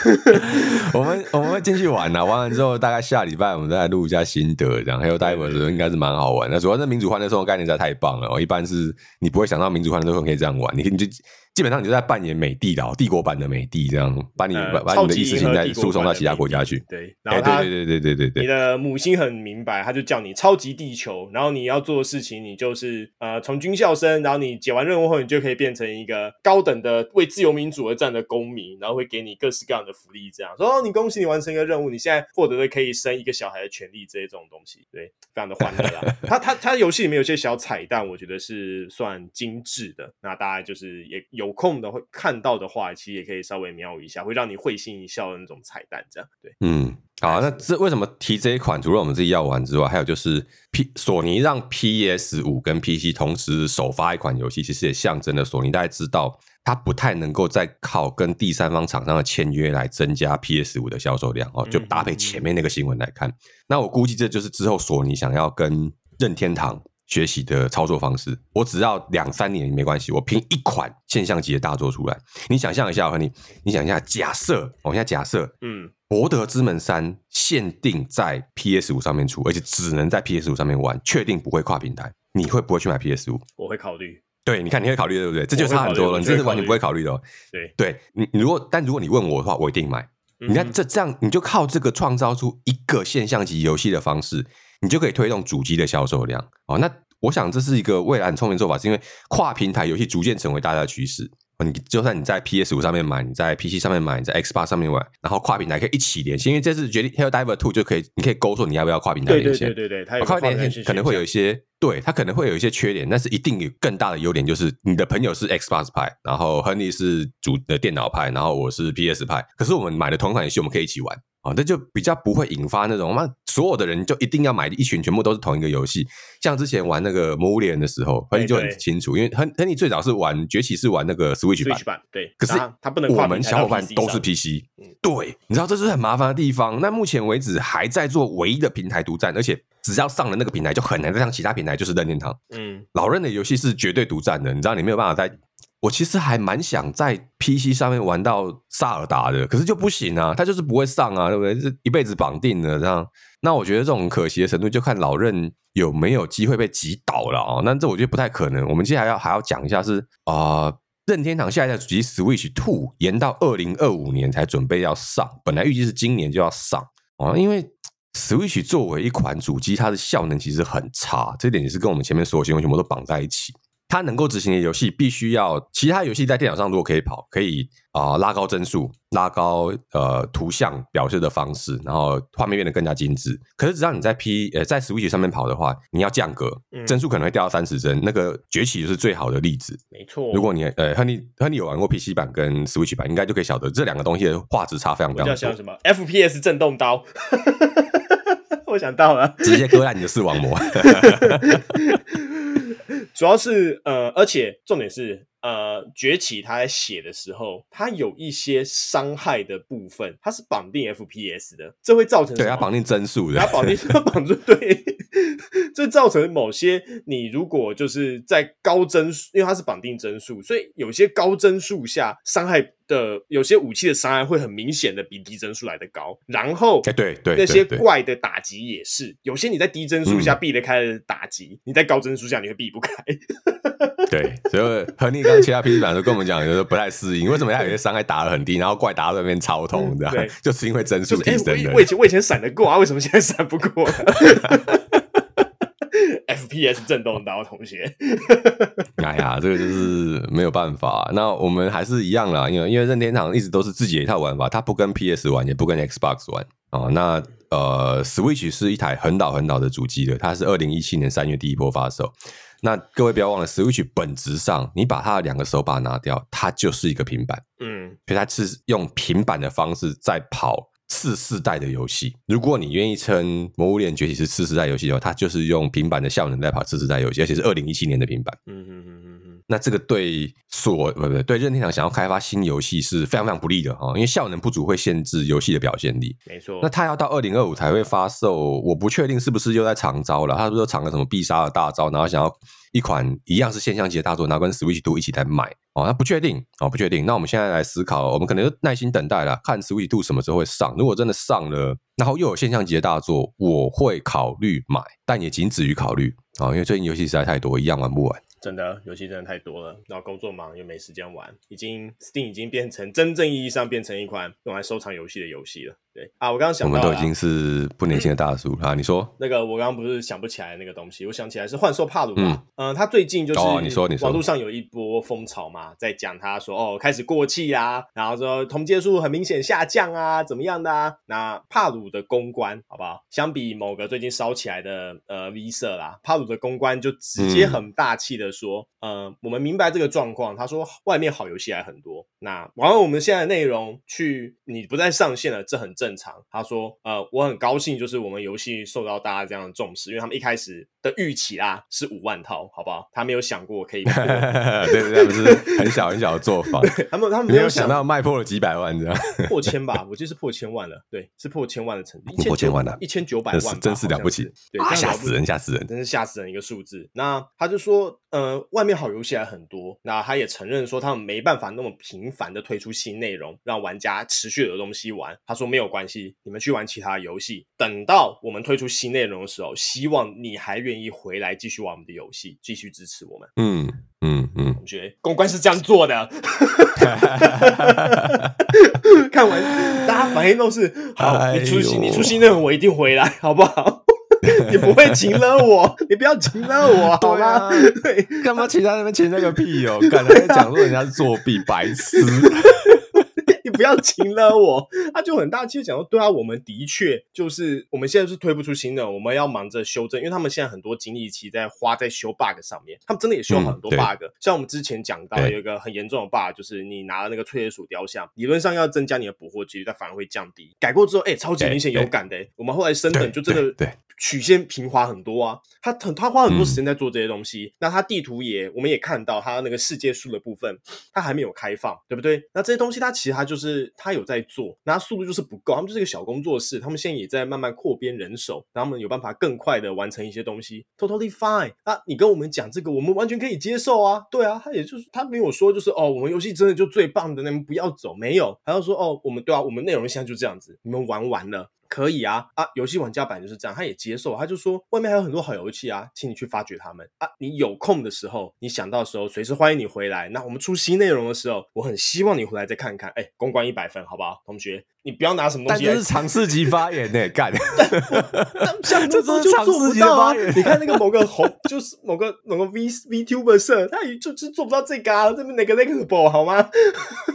我們我們進去玩啦。玩完之後大概下禮拜我們再來錄一下心得，這樣還有待會， 應該是蠻好玩的。主要是民主歡樂頌的概念實在太棒了哦，一般是你不會想到民主歡樂頌可以這樣玩，你你就。基本上你就在扮演美帝了、哦，帝國版的美帝，這樣把你、呃、把你的意識形態、呃、在輸送到其他國家去。對，然後他、欸、對對對對對對你的母星很明白，他就叫你超級地球。然後你要做的事情，你就是呃從軍校生，然後你解完任務後，你就可以變成一個高等的為自由民主而戰的公民，然後會給你各式各樣的福利。這樣說、哦、你恭喜你完成一個任務，你現在獲得了可以生一個小孩的權利，這一種東西，對，非常的歡樂啦。 他他他遊戲裡面有些小彩蛋，我覺得是算精緻的。那大家就是也。有空的會看到的話，其實也可以稍微瞄一下，會讓你會心一笑的那種彩蛋，這樣對。嗯，好，那這為什麼提這一款？除了我們自己要玩之外，還有就是 P 索尼讓 P S 五跟 P C 同時首發一款遊戲，其實也象徵了索尼。大家知道，它不太能夠再靠跟第三方廠商的簽約來增加 P S 五的銷售量哦。就搭配前面那個新聞來看。嗯嗯嗯，那我估計這就是之後索尼想要跟任天堂學習的操作方式，我只要兩三年沒關係，我憑一款現象級的大作出來。你想象一下，我和你，你想一下，假設，我現在假設，嗯，博德之門三限定在 PS 五上面出，而且只能在 PS 五上面玩，確定不會跨平台，你會不會去買 PS 五？我會考慮。對，你看，你會考慮對不對？這就差很多了，你這是完全不會考慮的。對，對你，如果但如果你問我的話，我一定買。嗯、你看，這這樣，你就靠這個創造出一個現象級遊戲的方式。你就可以推動主機的銷售量哦。那我想這是一個未來很聰明做法，是因為跨平台遊戲逐漸成為大家的趨勢。哦、你就算你在 PS 五上面買，你在 PC 上面買，你在 X 八上面玩，然後跨平台可以一起連線，因為這次決定《Helldivers 2》就可以，你可以勾選你要不要跨平台連線。對對對對對，他有跨連線、啊、可能會有一些，嗯、對它可能會有一些缺點，但是一定有更大的優點，就是你的朋友是 X 八派，然後亨利是主的電腦派，然後我是 PS 派，可是我們買的同款遊戲，我們可以一起玩。啊、哦，那就比較不會引發那種，那所有的人就一定要買一群，全部都是同一個遊戲。像之前玩那個《魔物獵人》的時候，他就很清楚，因為很 t e 最早是玩《崛起》，是玩那個 Switch 版，Switch 版對。可是他不能，我們小夥伴都是 PC，PC。對，你知道這是很麻煩的地方。那目前為止還在做唯一的平台獨占，而且只要上了那個平台，就很難再上其他平台，就是任天堂。嗯，老任的遊戲是絕對獨占的，你知道，你沒有辦法在。我其實還蠻想在 PC 上面玩到薩爾達的，可是就不行啊，他就是不會上啊，對不對？是一輩子綁定的這樣。那我覺得這種可惜的程度，就看老任有沒有機會被擊倒了啊、哦。那這我覺得不太可能。我們接下來要還要講一下是啊、呃，任天堂下一代主機 Switch Two 延到二零二五年才準備要上，本來預計是今年就要上啊、哦，因為 Switch 作為一款主機，它的效能其實很差，這點也是跟我們前面所有新聞全部都綁在一起。它能夠執行的遊戲必須要其他遊戲在電腦上，如果可以跑，可以啊、呃、拉高幀數，拉高呃圖像表示的方式，然後畫面變得更加精緻。可是，只要你在 P 呃在 Switch 上面跑的話，你要降格，幀數可能會掉到三十幀。那個崛起就是最好的例子。沒錯，如果你呃亨利亨利有玩過 PC 版跟 Switch 版，應該就可以曉得這兩個東西的畫質差非常非常大。什麼 FPS 震動刀？ 我想到了，直接割爛你的視網膜。 主要是呃，而且重點是呃，崛起它在寫的時候，它有一些傷害的部分，它是綁定 FPS 的，這會造成對它綁定幀數的，它綁定它綁對，這 造成某些你如果就是在高幀數，因為它是綁定幀數，所以有些高幀數下傷害。的有些武器的傷害會很明顯的比低幀數來的高，然後對對那些怪的打擊也是，有些你在低幀數下避得開的打擊、嗯，你在高幀數下你會避不開。 對，所以亨利剛其他 P C 版都跟我們講，時候不太適應。為什麼他有些傷害打得很低，然後怪打到那邊超痛的？對這樣，就是因為幀數低。我我以前閃得過啊，為什麼現在閃不過、啊？ FPS 震動刀同學 ，哎呀，這個就是沒有辦法、啊。那我們還是一樣啦，因為因為任天堂一直都是自己的一套玩法，它不跟 PS 玩，也不跟 Xbox 玩啊、呃。那呃，Switch 是一台很老很老的主機了，它是二零一七年三月第一波發售。那各位不要忘了，Switch 本質上你把它的兩個手把拿掉，它就是一個平板，嗯，所以它是用平板的方式在跑。次世代的遊戲，如果你願意稱《魔物獵人崛起》是次世代遊戲的話，它就是用平板的效能在跑次世代遊戲，而且是二零一七年的平板。嗯哼哼哼哼。那這個對所不不對對任天堂想要開發新遊戲是非常非常不利的哈，因為效能不足會限制遊戲的表現力。沒錯。那它要到二零二五才會發售，我不確定是不是又在長招了。他是不是又藏了什麼必殺的大招，然後想要一款一樣是現象級的大作，拿跟 Switch 都一起來賣。啊、哦哦，不確定啊，不確定。那我們現在來思考，我們可能就耐心等待啦，看 Switch 2什麼時候會上。如果真的上了，然後又有現象級的大作，我會考慮買，但也僅止於考慮啊、哦，因為最近遊戲實在太多，一樣玩不完。真的，遊戲真的太多了，然後工作忙又沒時間玩，已經 Steam 已經變成真正意義上變成一款用來收藏遊戲的遊戲了。對啊，我剛剛想我們都已經是不年輕的大叔了。嗯啊、你說那個我剛剛不是想不起來那個東西，我想起來是幻獸帕魯。啊，嗯、呃，他最近就是、哦、你說你說，網絡上有一波風潮嘛，在講他說哦開始過氣啦、啊，然後說同接數很明顯下降啊，怎麼樣的啊？那帕魯的公關好不好？相比某個最近燒起來的呃 V 社啦，帕魯的公關就直接很大氣的說，嗯、呃，我們明白這個狀況。他說外面好遊戲還很多，那完我們現在內容去你不再上線了，這很。正常，他說，呃，我很高興，就是我們遊戲受到大家這樣的重視，因為他們一開始的預期啊，是五萬套，好不好？他沒有想過可以，對對對，不是很小很小的作坊。他們他們沒有想,沒想到賣破了幾百萬，這樣 破千吧，我記得是破千萬了，對，是破千萬的成績。破千萬了，一千九百萬，是真是了不起對、啊，嚇死人，嚇死人，真是嚇死人一個數字。那他就說，呃，外面好遊戲還很多，那他也承認說，他們沒辦法那麼頻繁的推出新內容，讓玩家持續有東西玩。他說沒有。關係，你們去玩其他遊戲。等到我們推出新內容的時候，希望你還願意回來繼續玩我們的遊戲，繼續支持我們。嗯嗯嗯，嗯我覺得公關是這樣做的。 看完，大家反應都是好，你出新，哎，你出新內容，我一定回來，好不好？ 你不會請了我，你不要請了我。 好嗎？對，啊，幹 嘛，其他人們請了個屁哦，喔，敢來講說人家是作弊白痴？ 不要輕了我，他就很大氣地講說，對啊，我們的確就是我們現在是推不出新的，我們要忙着修正，因為他們現在很多精力其實在花在修 bug 上面，他們真的也修好很多 bug、嗯。像我們之前講到有一個很嚴重的 bug，就是你拿了那個翠鳥鼠雕像，理論上要增加你的捕獲幾率，它反而會降低。改過之後，哎、欸，超級明顯有感的、欸。我們後來升等就真的對曲線平滑很多啊。他很他花很多時間在做這些東西、嗯。那他地圖也，我們也看到他那個世界樹的部分，他還沒有開放，對不對？那這些東西它其實它就是。就是，他有在做，那速度就是不夠。他們就是一個小工作室，他們現在也在慢慢擴編人手，然後他們有辦法更快的完成一些東西。Totally fine 啊，你跟我們講這個，我們完全可以接受啊。對啊，他也就是他沒有說就是哦，我們遊戲真的就最棒的，你們不要走。沒有，還要說哦，我們對啊，我們內容現在就這樣子，你們玩完了。可以啊啊！遊戲玩家版就是這樣，他也接受。他就說外面還有很多好遊戲啊，請你去發掘他們啊！你有空的時候，你想到的時候，隨時歡迎你回來。那我們出新內容的時候，我很希望你回來再看看。哎、欸，公關一百分，好不好，同學？你不要拿什麼東西，但這是常識級發言呢、欸， 幹。哈哈哈就是不到、啊、級發言。你看那個某個紅， 就是某個某個 V V Tuber 社，他也就是做不到這個啊。這邊哪個那個不好嗎？哈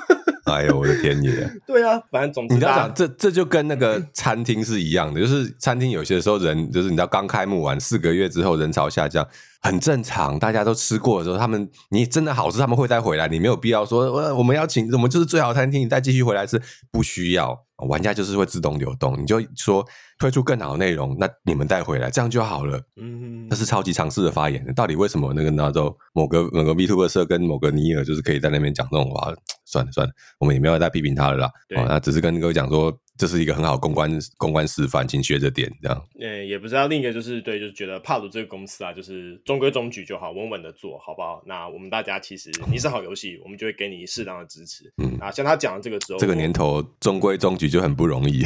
哈！ 哎呦，我的天爺！對啊，反正總之你知道講、啊，這這就跟那個餐廳是一樣的，就是餐廳有些時候人，就是你知道剛開幕完四個月之後人潮下降，很正常，大家都吃過的時候，他們你真的好吃，他們會再回來。你沒有必要說，呃，我們要請，我們就是最好餐廳，你再繼續回來吃，不需要。玩家就是會自動流動，你就說推出更好的內容，那你們帶回來，這樣就好了。嗯，那是超級強勢的發言。到底為什麼那個那時某個某個 VTuber 社跟某個尼爾就是可以在那邊講這種話？算了算了，我們也沒有再批評他了啦。啊、哦、那只是跟各位講說。這是一個很好公關公關示範，請學着點這樣。也不知道、啊、另一個就是對，就是覺得帕魯這個公司啊，就是中規中矩就好，穩穩的做好不好？那我們大家其實你是好遊戲，嗯，我們就會給你適當的支持。嗯，啊，像他講的這個時候，這個年頭中規中矩就很不容易。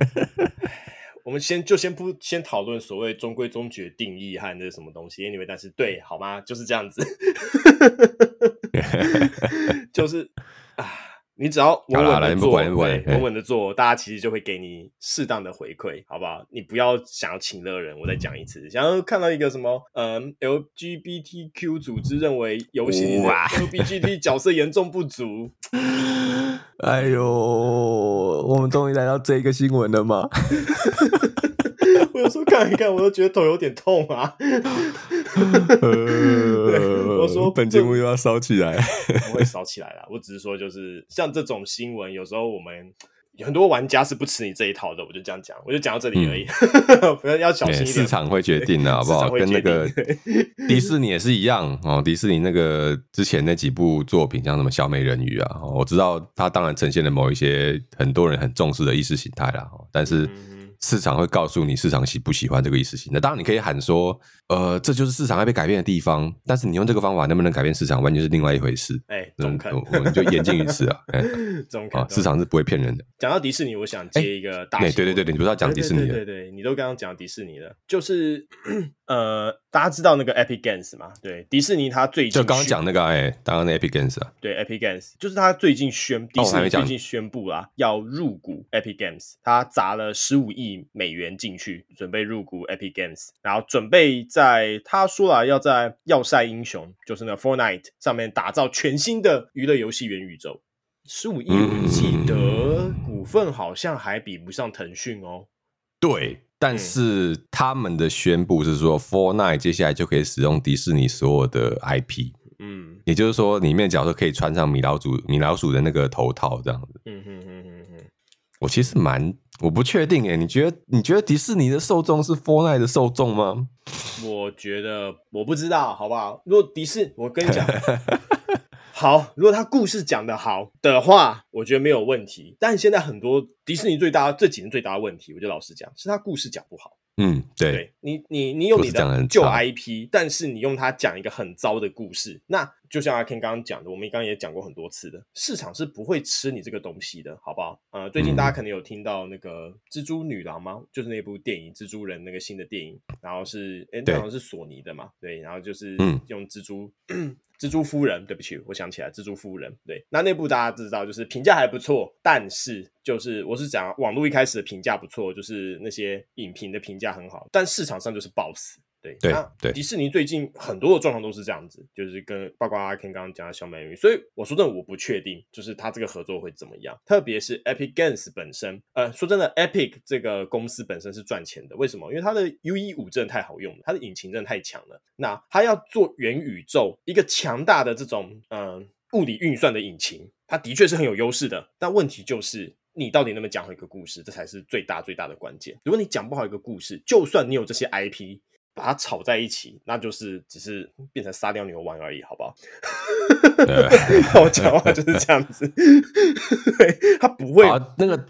我們先就先不先討論所謂中規中矩的定義和那什麼東西，因為但是對，好嗎？就是這樣子， 就是啊。你只要穩穩的做，對，穩穩的做，大家其實就會給你適當的回饋、欸，好不好？你不要想要請這個人，我再講一次，想要看到一個什麼，嗯，LGBTQ 組織認為遊戲裡 LGBT 角色嚴重不足。哎 呦，我們終於來到這個新聞了嗎？ 我有時候看一看，我都覺得頭有點痛啊。 我說，本節目又要燒起來，我不會燒起來了 我起來啦。我只是說，就是像這種新聞，有時候我們很多玩家是不吃你這一套的。我就這樣講，我就講到這裡而已。反、嗯、 要小心一點、欸、市場會決定的，好不好？跟那個迪士尼也是一樣哦。迪士尼那個之前那幾部作品，像什麼小美人魚啊、哦，我知道它當然呈現了某一些很多人很重視的意識形態啦、哦。但是。嗯市場會告訴你市場喜不喜歡這個意思。那當然你可以喊說，呃，這就是市場要被改變的地方。但是你用這個方法能不能改變市場，完全是另外一回事。哎、欸，中肯、嗯、我們就言盡於此啊。中肯、欸、肯，總肯、啊，市場是不會騙人的。講到迪士尼，我想接一個大。哎、欸，對對對，你不要講迪士尼了。對，對，對，對，對，你都剛剛講迪士尼了，就是。 呃，大家知道那個 Epic Games 嗎？對，迪士尼他最近就剛剛講那個，哎、欸，剛剛那 Epic Games 啊，對，Epic Games 就是他最近宣，迪士尼最近宣布了要入股 Epic Games，他砸了十五億美元進去，準備入股 Epic Games，然後準備在他說了要在《要塞英雄》就是那 Fortnite 上面打造全新的娛樂遊戲元宇宙，十五億，我記得、嗯、股份好像還比不上騰訊哦，對。但是他們的宣布是說，Fortnite 接下來就可以使用迪士尼所有的 IP，嗯，也就是說裡面角色可以穿上米老鼠、米老鼠的那個頭套這樣子。嗯哼哼哼哼。我其實蠻我不確定誒、欸、你覺得你覺得迪士尼的受眾是 Fortnite 的受眾嗎？我覺得我不知道，好不好？如果迪士，我跟你講。 好，如果他故事講得好的話，我覺得沒有問題。但現在很多迪士尼最大這幾年最大的問題，我就老實講，是他故事講不好。嗯，對，對你你你用你的舊 IP，但是你用它講一個很糟的故事，那。就像阿 Ken 剛剛講的，我們剛剛也講過很多次的，市場是不會吃你這個東西的，好不好？呃，最近大家可能有聽到那個蜘蛛女郎嗎？就是那部電影《蜘蛛人》那個新的電影，然後是，誒，對，好像是索尼的嘛，對，對，然後就是用蜘蛛、嗯、蜘蛛夫人，對不起，我想起來蜘蛛夫人，對，那那部大家知道，就是評價還不錯，但是就是我是講網絡一開始的評價不錯，就是那些影評的評價很好，但市場上就是爆死。對，那迪士尼最近很多的狀況都是這樣子，就是跟包括阿、啊、Ken 剛剛講的小美人魚，所以我說真的，我不確定，就是他這個合作會怎麼樣。特別是 Epic Games 本身，呃，說真的，Epic 這個公司本身是賺錢的，為什麼？因為它的 U E 五真的太好用了，它的引擎真的太強了。那他要做元宇宙一個強大的這種嗯、呃、物理運算的引擎，他的確是很有優勢的。但問題就是，你到底能不能講好一個故事，這才是最大最大的關鍵。如果你講不好一個故事，就算你有這些 I P。把它炒在一起，那就是只是變成撒尿牛丸而已，好不好？對 我講話就是這樣子 對，他不會。那個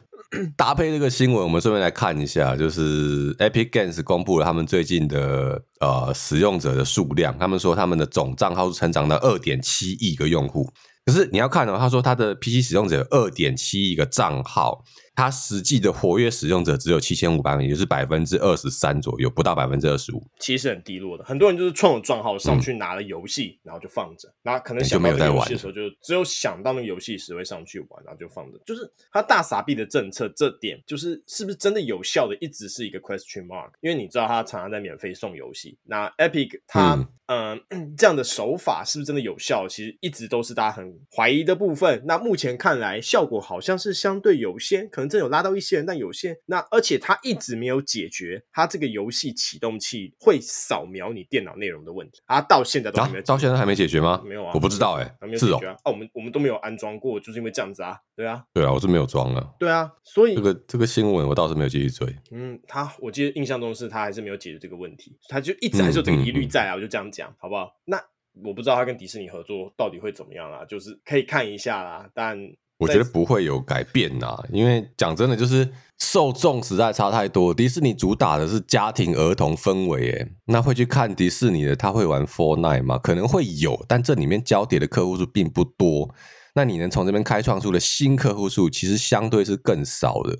搭配這個新聞，我們順便來看一下，就是 Epic Games 公布了他們最近的呃使用者的數量，他們說他們的總賬號是成長到二點七億個用戶，可是你要看呢、喔，他說他的 PC 使用者有二點七億個賬號。它實際的活躍使用者只有七千五百名，也就是百分之二十三左右，不到百分之二十五，其實很低落的。很多人就是創了賬號上、嗯、去拿了遊戲，然後就放着，那可能就沒有在玩的時候，就只有想到那個遊戲時會上去玩，然後就放着。就是他大傻逼的政策，這點就是是不是真的有效的，一直是一個 question mark。因為你知道他常常在免費送遊戲，那 Epic 他嗯，嗯這樣的手法是不是真的有效的？其實一直都是大家很懷疑的部分。那目前看來效果好像是相對有限可。可能真有拉到一些人，但有些那，而且他一直沒有解決他這個遊戲啟動器會掃描你電腦內容的問題。啊，到現在都還沒、啊、到現在還沒解決嗎？啊、沒有啊，我不知道哎、欸啊。自容啊，我們我們都沒有安裝過，就是因為這樣子啊。對啊，對啊，我是沒有裝了、啊。對啊，所以這個這個新聞我倒是沒有繼續追。嗯，他我記得印象中是他還是沒有解決這個問題，他就一直還是有這個疑慮在啊嗯嗯嗯。我就這樣講，好不好？那我不知道他跟迪士尼合作到底會怎麼樣啊，就是可以看一下啦，但。我覺得不會有改變啦、啊、因為講真的，就是受眾實在差太多。迪士尼主打的是家庭兒童氛圍欸，那會去看迪士尼的，他會玩《Fortnite》嗎？可能會有，但這裡面交疊的客戶數並不多。那你能從這邊開創出的新客戶數，其實相對是更少的。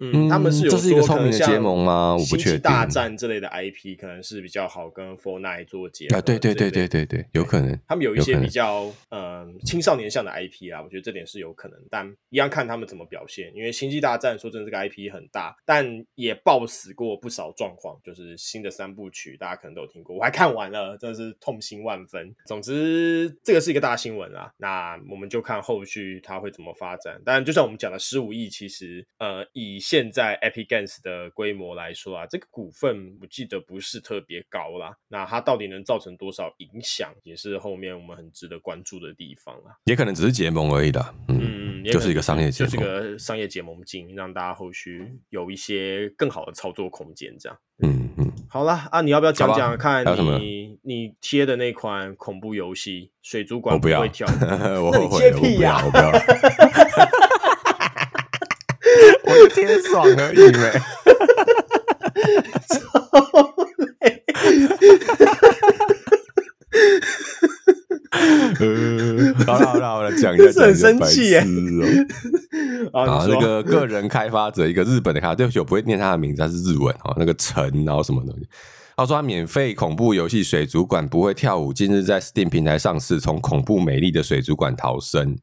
嗯，他們是一個聰明的結盟嗎？我不確定。星際大戰這類的 IP 可能是比較好跟 Fortnite 做結合、嗯、盟做結合啊。對對對對對對，有可能。他們有一些比較嗯青少年向的 IP 啊，我覺得這點是有可能，但一樣看他們怎麼表現。因為星際大戰說真的，這個 IP 很大，但也爆死過不少狀況，就是新的三部曲大家可能都聽過，我還看完了，真的是痛心萬分。總之，這個是一個大新聞啊。那我們就看後續它會怎麼發展。當然，就像我們講的，十五億其實呃以，現在 Epic Games 的規模來說啊，這個股份我記得不是特別高啦。那它到底能造成多少影響，也是後面我們很值得關注的地方了、啊。也可能只是結盟而已的，嗯，就是一個商業結盟，就是一個商業結盟經讓大家後續有一些更好的操作空間，這樣。嗯嗯，好啦啊，你要不要講講看你？你你貼的那款恐怖遊戲水族館？我不要，啊、 我會跳我不要，我不要。 我就天爽而已為哈哈哈哈哈哈！哈哈哈哈哈。好了好了，我來講一下， 一下是很生氣耶，欸。喔、 啊，那個個人開發者， 一個日本的卡，他 對不起，我不會念他的名字，他是日文，喔、那個城，然後什麼東西？他說他免費恐怖遊戲《水族館》，不會跳舞，近日在 Steam 平台上市，《從恐怖美麗的水族館逃生》。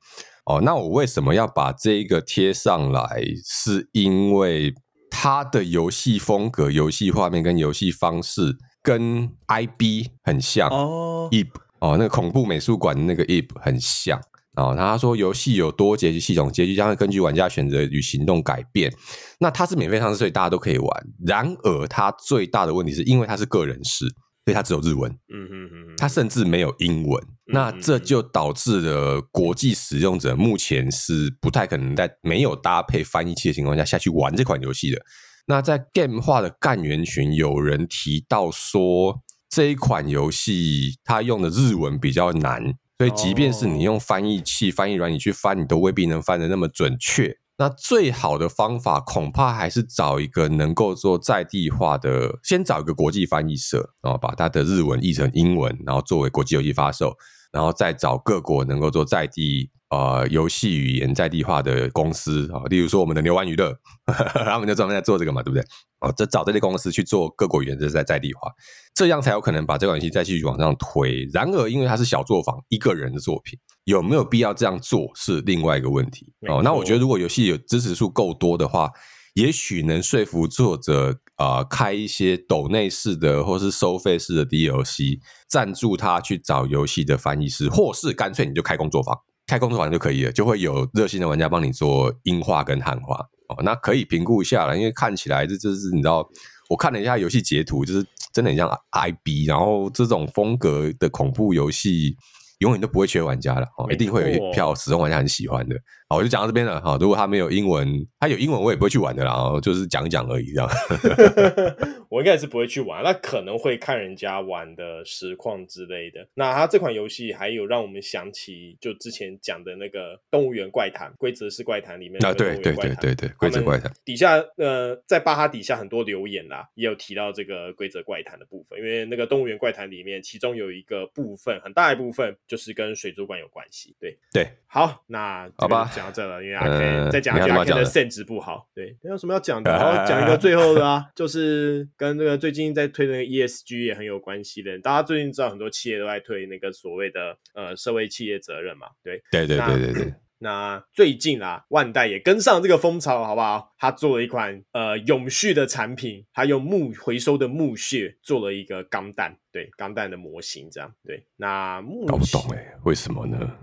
哦，那我為什麼要把這一個貼上來？是因為它的遊戲風格、遊戲畫面跟遊戲方式跟 Ib 很像哦 Ib 哦，那個恐怖美術館那個 Ib 很像哦。他說遊戲有多結局系統，結局將會根據玩家選擇與行動改變。那它是免費上市，所以大家都可以玩。然而，它最大的問題是因為它是個人式。所以它只有日文，嗯，它甚至沒有英文。那這就導致了國際使用者目前是不太可能在沒有搭配翻譯器的情況下下去玩這款遊戲的。那在 Game 化的幹員群，有人提到說這一款遊戲它用的日文比較難，所以即便是你用翻譯器、翻譯軟體去翻，你都未必能翻得那麼準確。那最好的方法恐怕還是找一個能夠做在地化的，先找一個國際翻譯社啊，把它的日文譯成英文，然後作為國際遊戲發售，然後再找各國能夠做在地啊、呃、遊戲語言在地化的公司啊、哦，例如說我們的牛丸娛樂，哈哈哈，他們就專門在做這個嘛，對不對？啊、哦，再找這類公司去做各國語言的在在地化，這樣才有可能把這款遊戲再去往上推。然而，因為它是小作坊一個人的作品。有沒有必要這樣做是另外一個問題哦。那我覺得，如果遊戲有支持數夠多的話，也許能說服作者啊、呃、開一些抖內式的，或是收費式的 DLC 贊助他去找遊戲的翻譯師，或是乾脆你就開工作坊，開工作坊就可以了，就會有熱心的玩家幫你做音畫跟漢化哦。那可以評估一下了，因為看起來這這是你知道，我看了一下遊戲截圖，就是真的很像 IB，然後這種風格的恐怖遊戲。永遠都不會缺玩家了，哦，一定會有一票始終玩家很喜歡的。好，我就講到這邊了哈。如果他沒有英文，他有英文我也不會去玩的啦。然後就是講一講而已這樣。 我應該也是不會去玩，那可能會看人家玩的實況之類的。那他這款遊戲還有讓我們想起就之前講的那個《動物園怪談》規則是怪談裡面壇啊，對對對對對，規則怪談底下呃，在巴哈底下很多留言啦，也有提到這個規則怪談的部分，因為那個《動物園怪談》裡面其中有一個部分，很大一部分就是跟水族館有關係。對對，好，那好吧。講到這了，因為阿 K 在、呃、講一句阿 K 的限制不好，對，沒有什麼要講的。然後講一個最後的啊、呃，就是跟這個最近在推那個 ESG 也很有關係的。大家最近知道很多企業都在推那個所謂的呃社會企業責任嘛，對，對對對對對，對那，那最近啊，萬代也跟上這個風潮，好不好？他做了一款呃永續的產品，他用木回收的木屑做了一個鋼彈，對，鋼彈的模型這樣。對，那木搞不懂哎、欸，為什麼呢？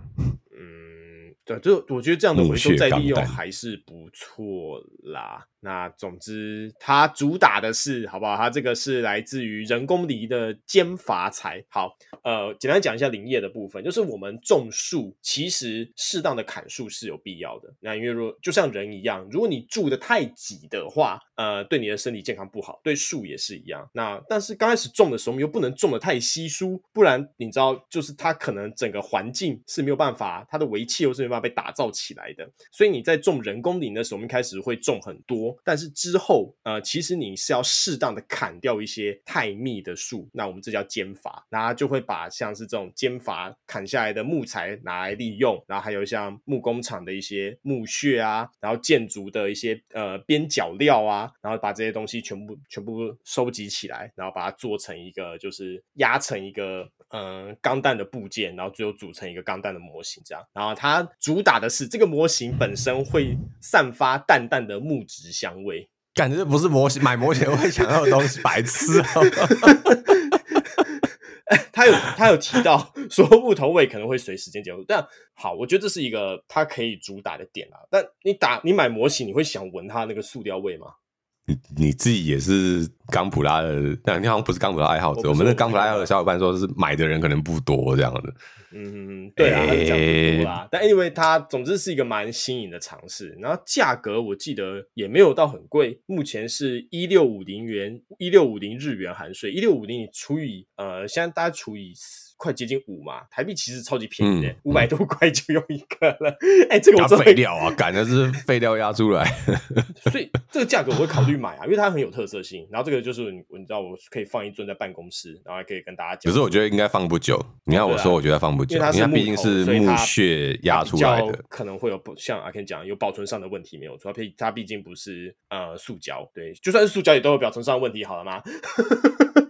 對，就我覺得這樣的回收再利用還是不錯啦。那總之，它主打的是好不好？它這個是來自於人工林的間伐材。好，呃，簡單講一下林業的部分，就是我們種樹，其實適當的砍樹是有必要的。那因為如果就像人一樣，如果你住的太擠的話，呃，對你的身體健康不好，對樹也是一樣。那但是剛開始種的時候，又不能種的太稀疏，不然你知道，就是它可能整個環境是沒有辦法，它的圍氣又是沒有辦法被打造起來的。所以你在種人工林的時候，我們一開始會種很多。但是之後，呃，其實你是要適當的砍掉一些太密的樹，那我們這叫間伐，然後它就會把像是這種間伐砍下來的木材拿來利用，然後還有像木工廠的一些木屑啊，然後建築的一些呃邊角料啊，然後把這些東西全部全部收集起來，然後把它做成一個就是壓成一個嗯鋼彈的部件，然後最後組成一個鋼彈的模型這樣。然後它主打的是這個模型本身會散發淡淡的木質香。香味感覺不是模型買模型會想要的東西，白痴、哦 欸。他有他有提到說木頭味可能會隨時間減弱，但好，我覺得這是一個它可以主打的點啊。但你打你買模型，你會想聞它那個塑料味嗎？你你自己也是剛普拉的，但你好像不是剛普拉愛好者。我,我們的剛普拉愛好的小夥伴說，是買的人可能不多這不不，這樣的。嗯，對啊，他講很多啦，但因、anyway、為他總之是一個蠻新穎的嘗試，然後價格我記得也沒有到很貴，目前是一六五零元，一六五零日元含稅，一六五零除以呃，現在大概除以。快接近五嘛，台幣其實超級便宜的，五、嗯、百多塊就用一個了。哎、嗯，欸，這個我廢料啊，趕 的是廢料壓出來，所以這個價格我會考慮買啊， 因為它很有特色性。然後這個就是你知道，我可以放一尊在辦公室，然後還可以跟大家講。可是我覺得應該放不久、啊，你看我說，我覺得放不久，啊、因為畢竟是木屑壓出來的，可能會有不像阿 Ken 講有保存上的問題，沒有錯，它畢竟不是呃塑膠，對，就算是塑膠也都有表層上的問題，好了嗎？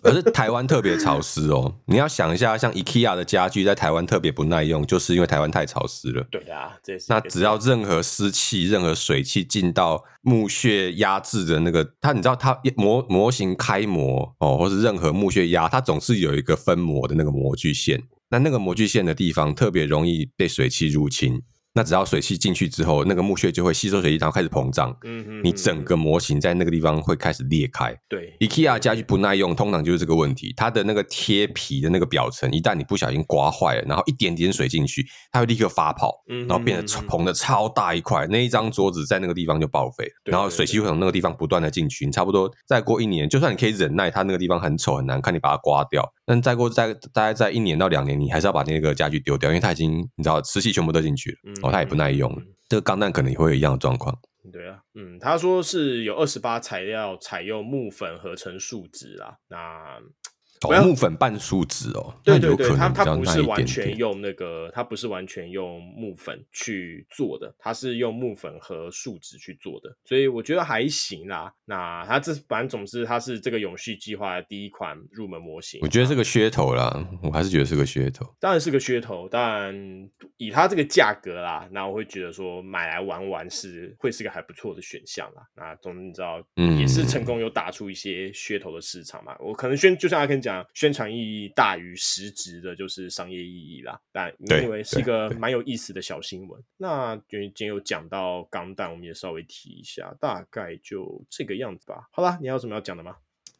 而是台灣特別潮濕哦，你要想一下，像 IKEA 的家具在台灣特別不耐用，就是因為台灣太潮濕了。對啊，那只要任何濕氣、任何水氣進到木屑壓制的那個，它你知道它模模型開模哦，或是任何木屑壓，它總是有一個分模的那個模具線，那那個模具線的地方特別容易被水氣入侵，那只要水汽進去之後，那個木屑就會吸收水汽，然後開始膨脹。嗯哼哼，你整個模型在那個地方會開始裂開。對，IKEA 家具不耐用，通常就是這個問題。它的那個貼皮的那個表層，一旦你不小心刮壞了，然後一點點水進去，它會立刻發泡，然後變得膨的超大一塊、嗯哼哼。那一張桌子在那個地方就報廢。對。然後水汽會從那個地方不斷的進去，你差不多再過一年，就算你可以忍耐，它那個地方很醜很難看，你把它刮掉。但再過再大概再一年到兩年，你還是要把那個家具丟掉，因為它已經你知道濕氣全部都進去了。嗯哦，它也不耐用、嗯，這個鋼彈可能也會有一樣的狀況。對啊，嗯，他說是有二十八材料採用木粉合成樹脂啊，那。哦，木粉半樹脂哦，對對對，對點點，它它不是完全用那個，它不是完全用木粉去做的，它是用木粉和樹脂去做的，所以我覺得還行啦。那它這反正總之它是這個永續計劃的第一款入門模型，我覺得是個噱頭啦，啊、我還是覺得是個噱頭，當然是個噱頭，但以它這個價格啦，那我會覺得說買來玩玩是會是個還不錯的選項啦。那總之你知道，嗯，也是成功有打出一些噱頭的市場嘛。我可能先就像阿 Ken 跟你講，那宣傳意義大於實質的，就是商業意義啦。但因為是一個蠻有意思的小新聞，那因為已經有講到鋼彈，我們也稍微提一下，大概就這個樣子吧。好啦，你還有什麼要講的嗎？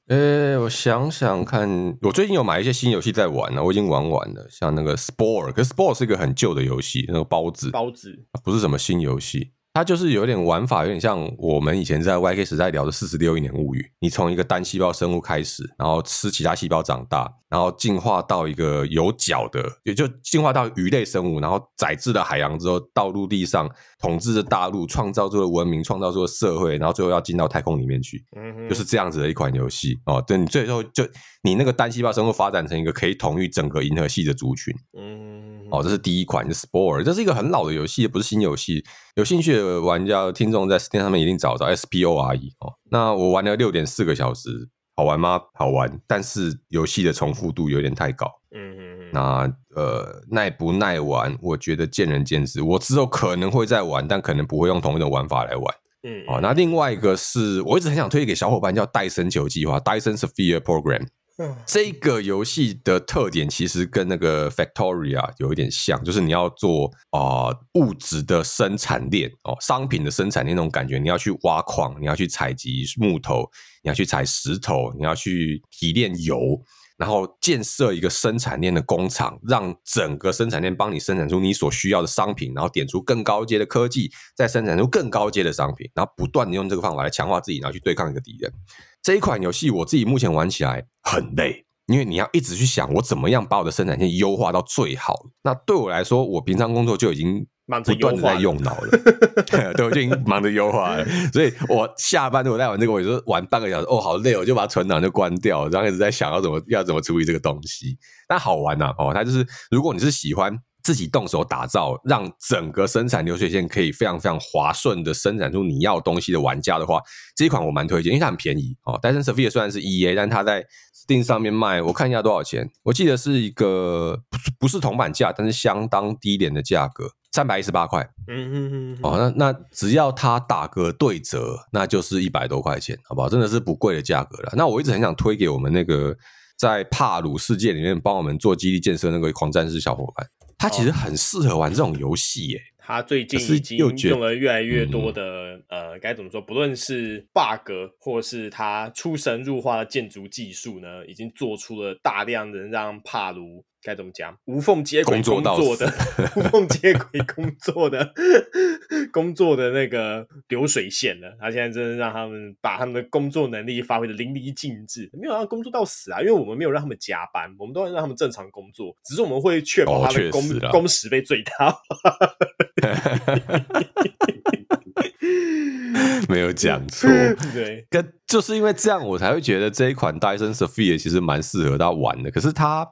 呃、欸，我想想看，我最近有買一些新遊戲在玩呢、啊，我已經玩完了，像那個 Spore，可是 Spore 是一個很舊的遊戲，那個孢子孢子、啊，不是什麼新遊戲。它就是有點玩法，有點像我們以前在 YK 時代聊的《四十六億年物語》。你從一個單細胞生物開始，然後吃其他細胞長大。然後進化到一個有腳的，也就進化到魚類生物，然後宰制了海洋之後，到陸地上統治了大陸，創造出了文明，創造出了社會，然後最後要進到太空裡面去，嗯哼，就是這樣子的一款遊戲哦。對，你最後就你那個單細胞生物發展成一個可以統一整個銀河系的族群，嗯，哦，這是第一款，就是 Spore，這是一個很老的遊戲，也不是新遊戲。有興趣的玩家聽眾在 Steam 上面一定找找 Spore。哦。那我玩了六點四個小時。好玩嗎？好玩，但是遊戲的重複度有點太高。嗯哼哼，那呃，耐不耐玩，我覺得見仁見智。我之後可能會再玩，但可能不會用同一種玩法來玩。嗯，哦，那另外一個是我一直很想推薦給小伙伴，叫“戴森球計劃 d y s e n Sphere Program）。嗯、這個遊戲的特點其實跟那個 Factorio 有一點像，就是你要做啊、呃、物質的生產鏈哦，商品的生產鏈那種感覺。你要去挖礦，你要去採集木頭，你要去採石頭，你要去提煉油，然後建設一個生產鏈的工廠，讓整個生產鏈幫你生產出你所需要的商品，然後點出更高階的科技，再生產出更高階的商品，然後不斷的用這個方法來強化自己，然後去對抗一個敵人。這一款遊戲我自己目前玩起來很累，因為你要一直去想我怎麼樣把我的生產線優化到最好。那對我來說，我平常工作就已經不斷的在用腦了， 對，我就已經忙着優化了。 所以我下班我在玩這個，我就玩半個小時，哦，好累，我就把存檔就關掉，然後一直在想要怎麼要怎麼處理這個東西。那好玩吶、啊，哦，他就是如果你是喜歡。自己動手打造，讓整個生產流水線可以非常非常滑順的生產出你要東西的玩家的話，這一款我蠻推薦，因為它很便宜哦。戴森 Sphere 雖然是 EA，但它在 Steam 上面賣，我看一下多少錢。我記得是一個不是銅板價，但是相當低廉的價格，三百一十八塊。嗯嗯嗯。哦，那那只要它打個對折，那就是一百多塊錢，好不好？真的是不貴的價格了。那我一直很想推給我們那個在帕魯世界裡面幫我們做基地建設那個狂戰士小夥伴。他其實很適合玩這種遊戲耶，耶、哦！他最近已經用了越來越多的，嗯、呃，該怎麼說？不論是 bug，或是他出神入化的建築技術呢，已經做出了大量的讓帕魯。該怎麼講？無縫接軌工作的，作 無縫接軌工作的，工作的那個流水線呢？他現在真的讓他們把他們的工作能力發揮得淋漓盡致，沒有讓他工作到死啊，因為我們沒有讓他們加班，我們都要讓他們正常工作，只是我們會確保他的工、哦、工時被最大化。 沒有講錯， 對，跟就是因為這樣，我才會覺得這一款 Dyson Sophia 其實蠻適合他玩的，可是他。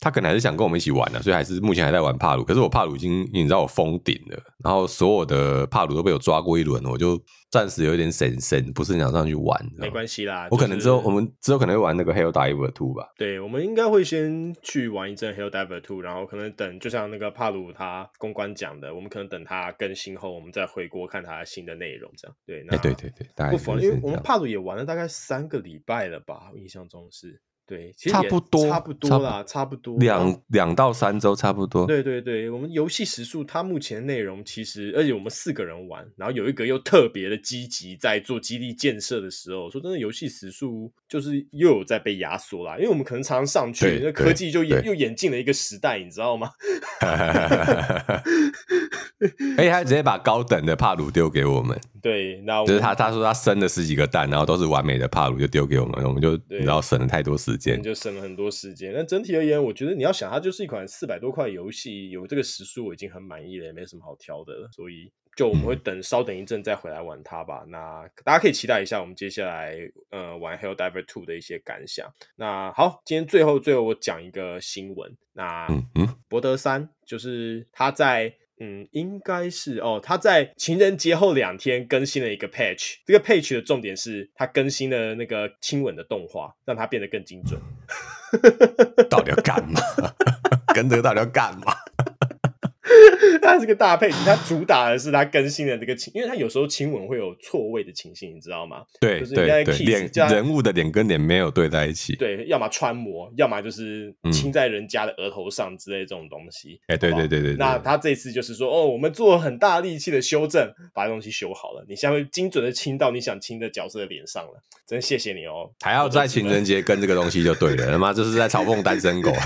他可能還是想跟我們一起玩的、啊，所以還是目前還在玩帕魯。可是我帕魯已經你知道我封頂了，然後所有的帕魯都被我抓過一輪，我就暫時有點神慎，不是很想上去玩。沒關係啦、就是，我可能之後我們之後可能會玩那個 Helldivers 2吧。對，我們應該會先去玩一陣 Helldivers 2，然後可能等就像那個帕魯他公關講的，我們可能等他更新後，我們再回鍋看他的新的內容這樣。對，那、欸、對對對，大概不因為我們帕魯也玩了大概三個禮拜了吧，我印象中是。對其實也差，差不多，差不多啦，差不多兩兩到三周，差不多。對對對，我們遊戲時數，它目前內容其實，而且我們四個人玩，然後有一個又特別的積極，在做基地建設的時候，說真的，遊戲時數就是又有在被壓縮啦，因為我們可能常常上去，那科技就演又演進了一個時代，你知道嗎？哎， 他直接把高等的帕魯丟給我們，對，那我們就是他他說他生了十幾個蛋，然後都是完美的帕魯，就丟給我們，我們就你知道省了太多時。就省了很多時間，但整體而言，我覺得你要想它就是一款四百多塊遊戲，有這個時速我已經很滿意了，也沒什麼好挑的了，所以就我們會等稍等一陣再回來玩它吧。那大家可以期待一下我們接下來呃玩《Hell Diver Two》的一些感想。那好，今天最後最後我講一個新聞。那嗯嗯，博德三就是他在。嗯，應該是哦，他在情人節後兩天更新了一個 patch，這個 patch 的重點是他更新了那個親吻的動畫，讓它變得更精準。 到底要幹嘛？跟著到底要幹嘛？ 它 是個大配置，它主打的是它更新的這個情 因為它有時候親吻會有錯位的情形，你知道嗎？對，就是就像對對對人物的臉跟臉沒有對在一起。對，要麼穿模，要麼就是親在人家的額頭上之類這種東西。哎、嗯，欸，對對對對。那他這次就是說，哦，我們做了很大力氣的修正，把這東西修好了，你現在精準的親到你想親的角色的臉上了，真謝謝你哦。還要在情人節跟這個東西就對了，他媽這是在嘲諷單身狗。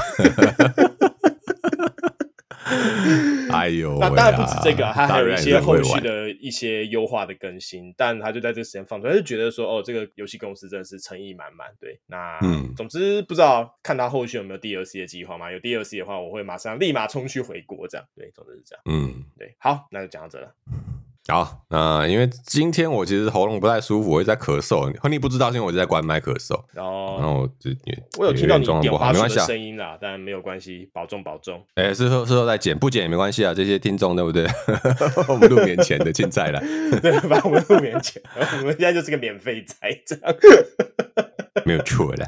哎呦啊、那當然不止這個，他還有一些後續的一些優化的更新，但他就在這時間放出來，他就覺得說，哦，這個遊戲公司真的是誠意滿滿。對，那、嗯、總之不知道看他後續有沒有 DLC 的計劃嘛？有 DLC 的話，我會馬上立馬衝去回國，這樣。對，總之是這樣。嗯，對，好，那就講到這了。嗯好、哦，那、呃、因為今天我其實喉嚨不太舒服，我一直在咳嗽。亨利不知道，因為我就在關麥咳嗽、哦。然後我就也，我有聽到你狀態不好，沒有聲音當但沒有關係，保重保重。哎、欸，是說，是說在剪，不剪也沒關係啊。這些聽眾對不對？ 我們錄免錢的青菜啦，對 我們錄免錢， 我們現在就是個免費菜。 沒有錯的，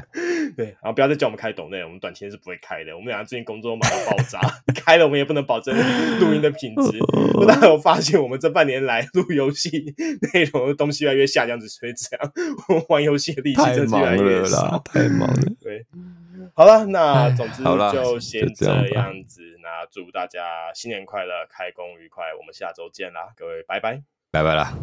對，然後不要再叫我們開董了，我們短期是不會開的。我們倆最近工作馬上爆炸， 開了我們也不能保證錄音的品質。 我當然有發現，我們這半年來錄遊戲內容的東西越來越下降，之所以這樣，我們玩遊戲的力氣越來越太越了，太忙了。對，好了，那總之就先 就這樣，這樣子。那祝大家新年快樂，開工愉快，我們下週見啦，各位拜拜，拜拜啦。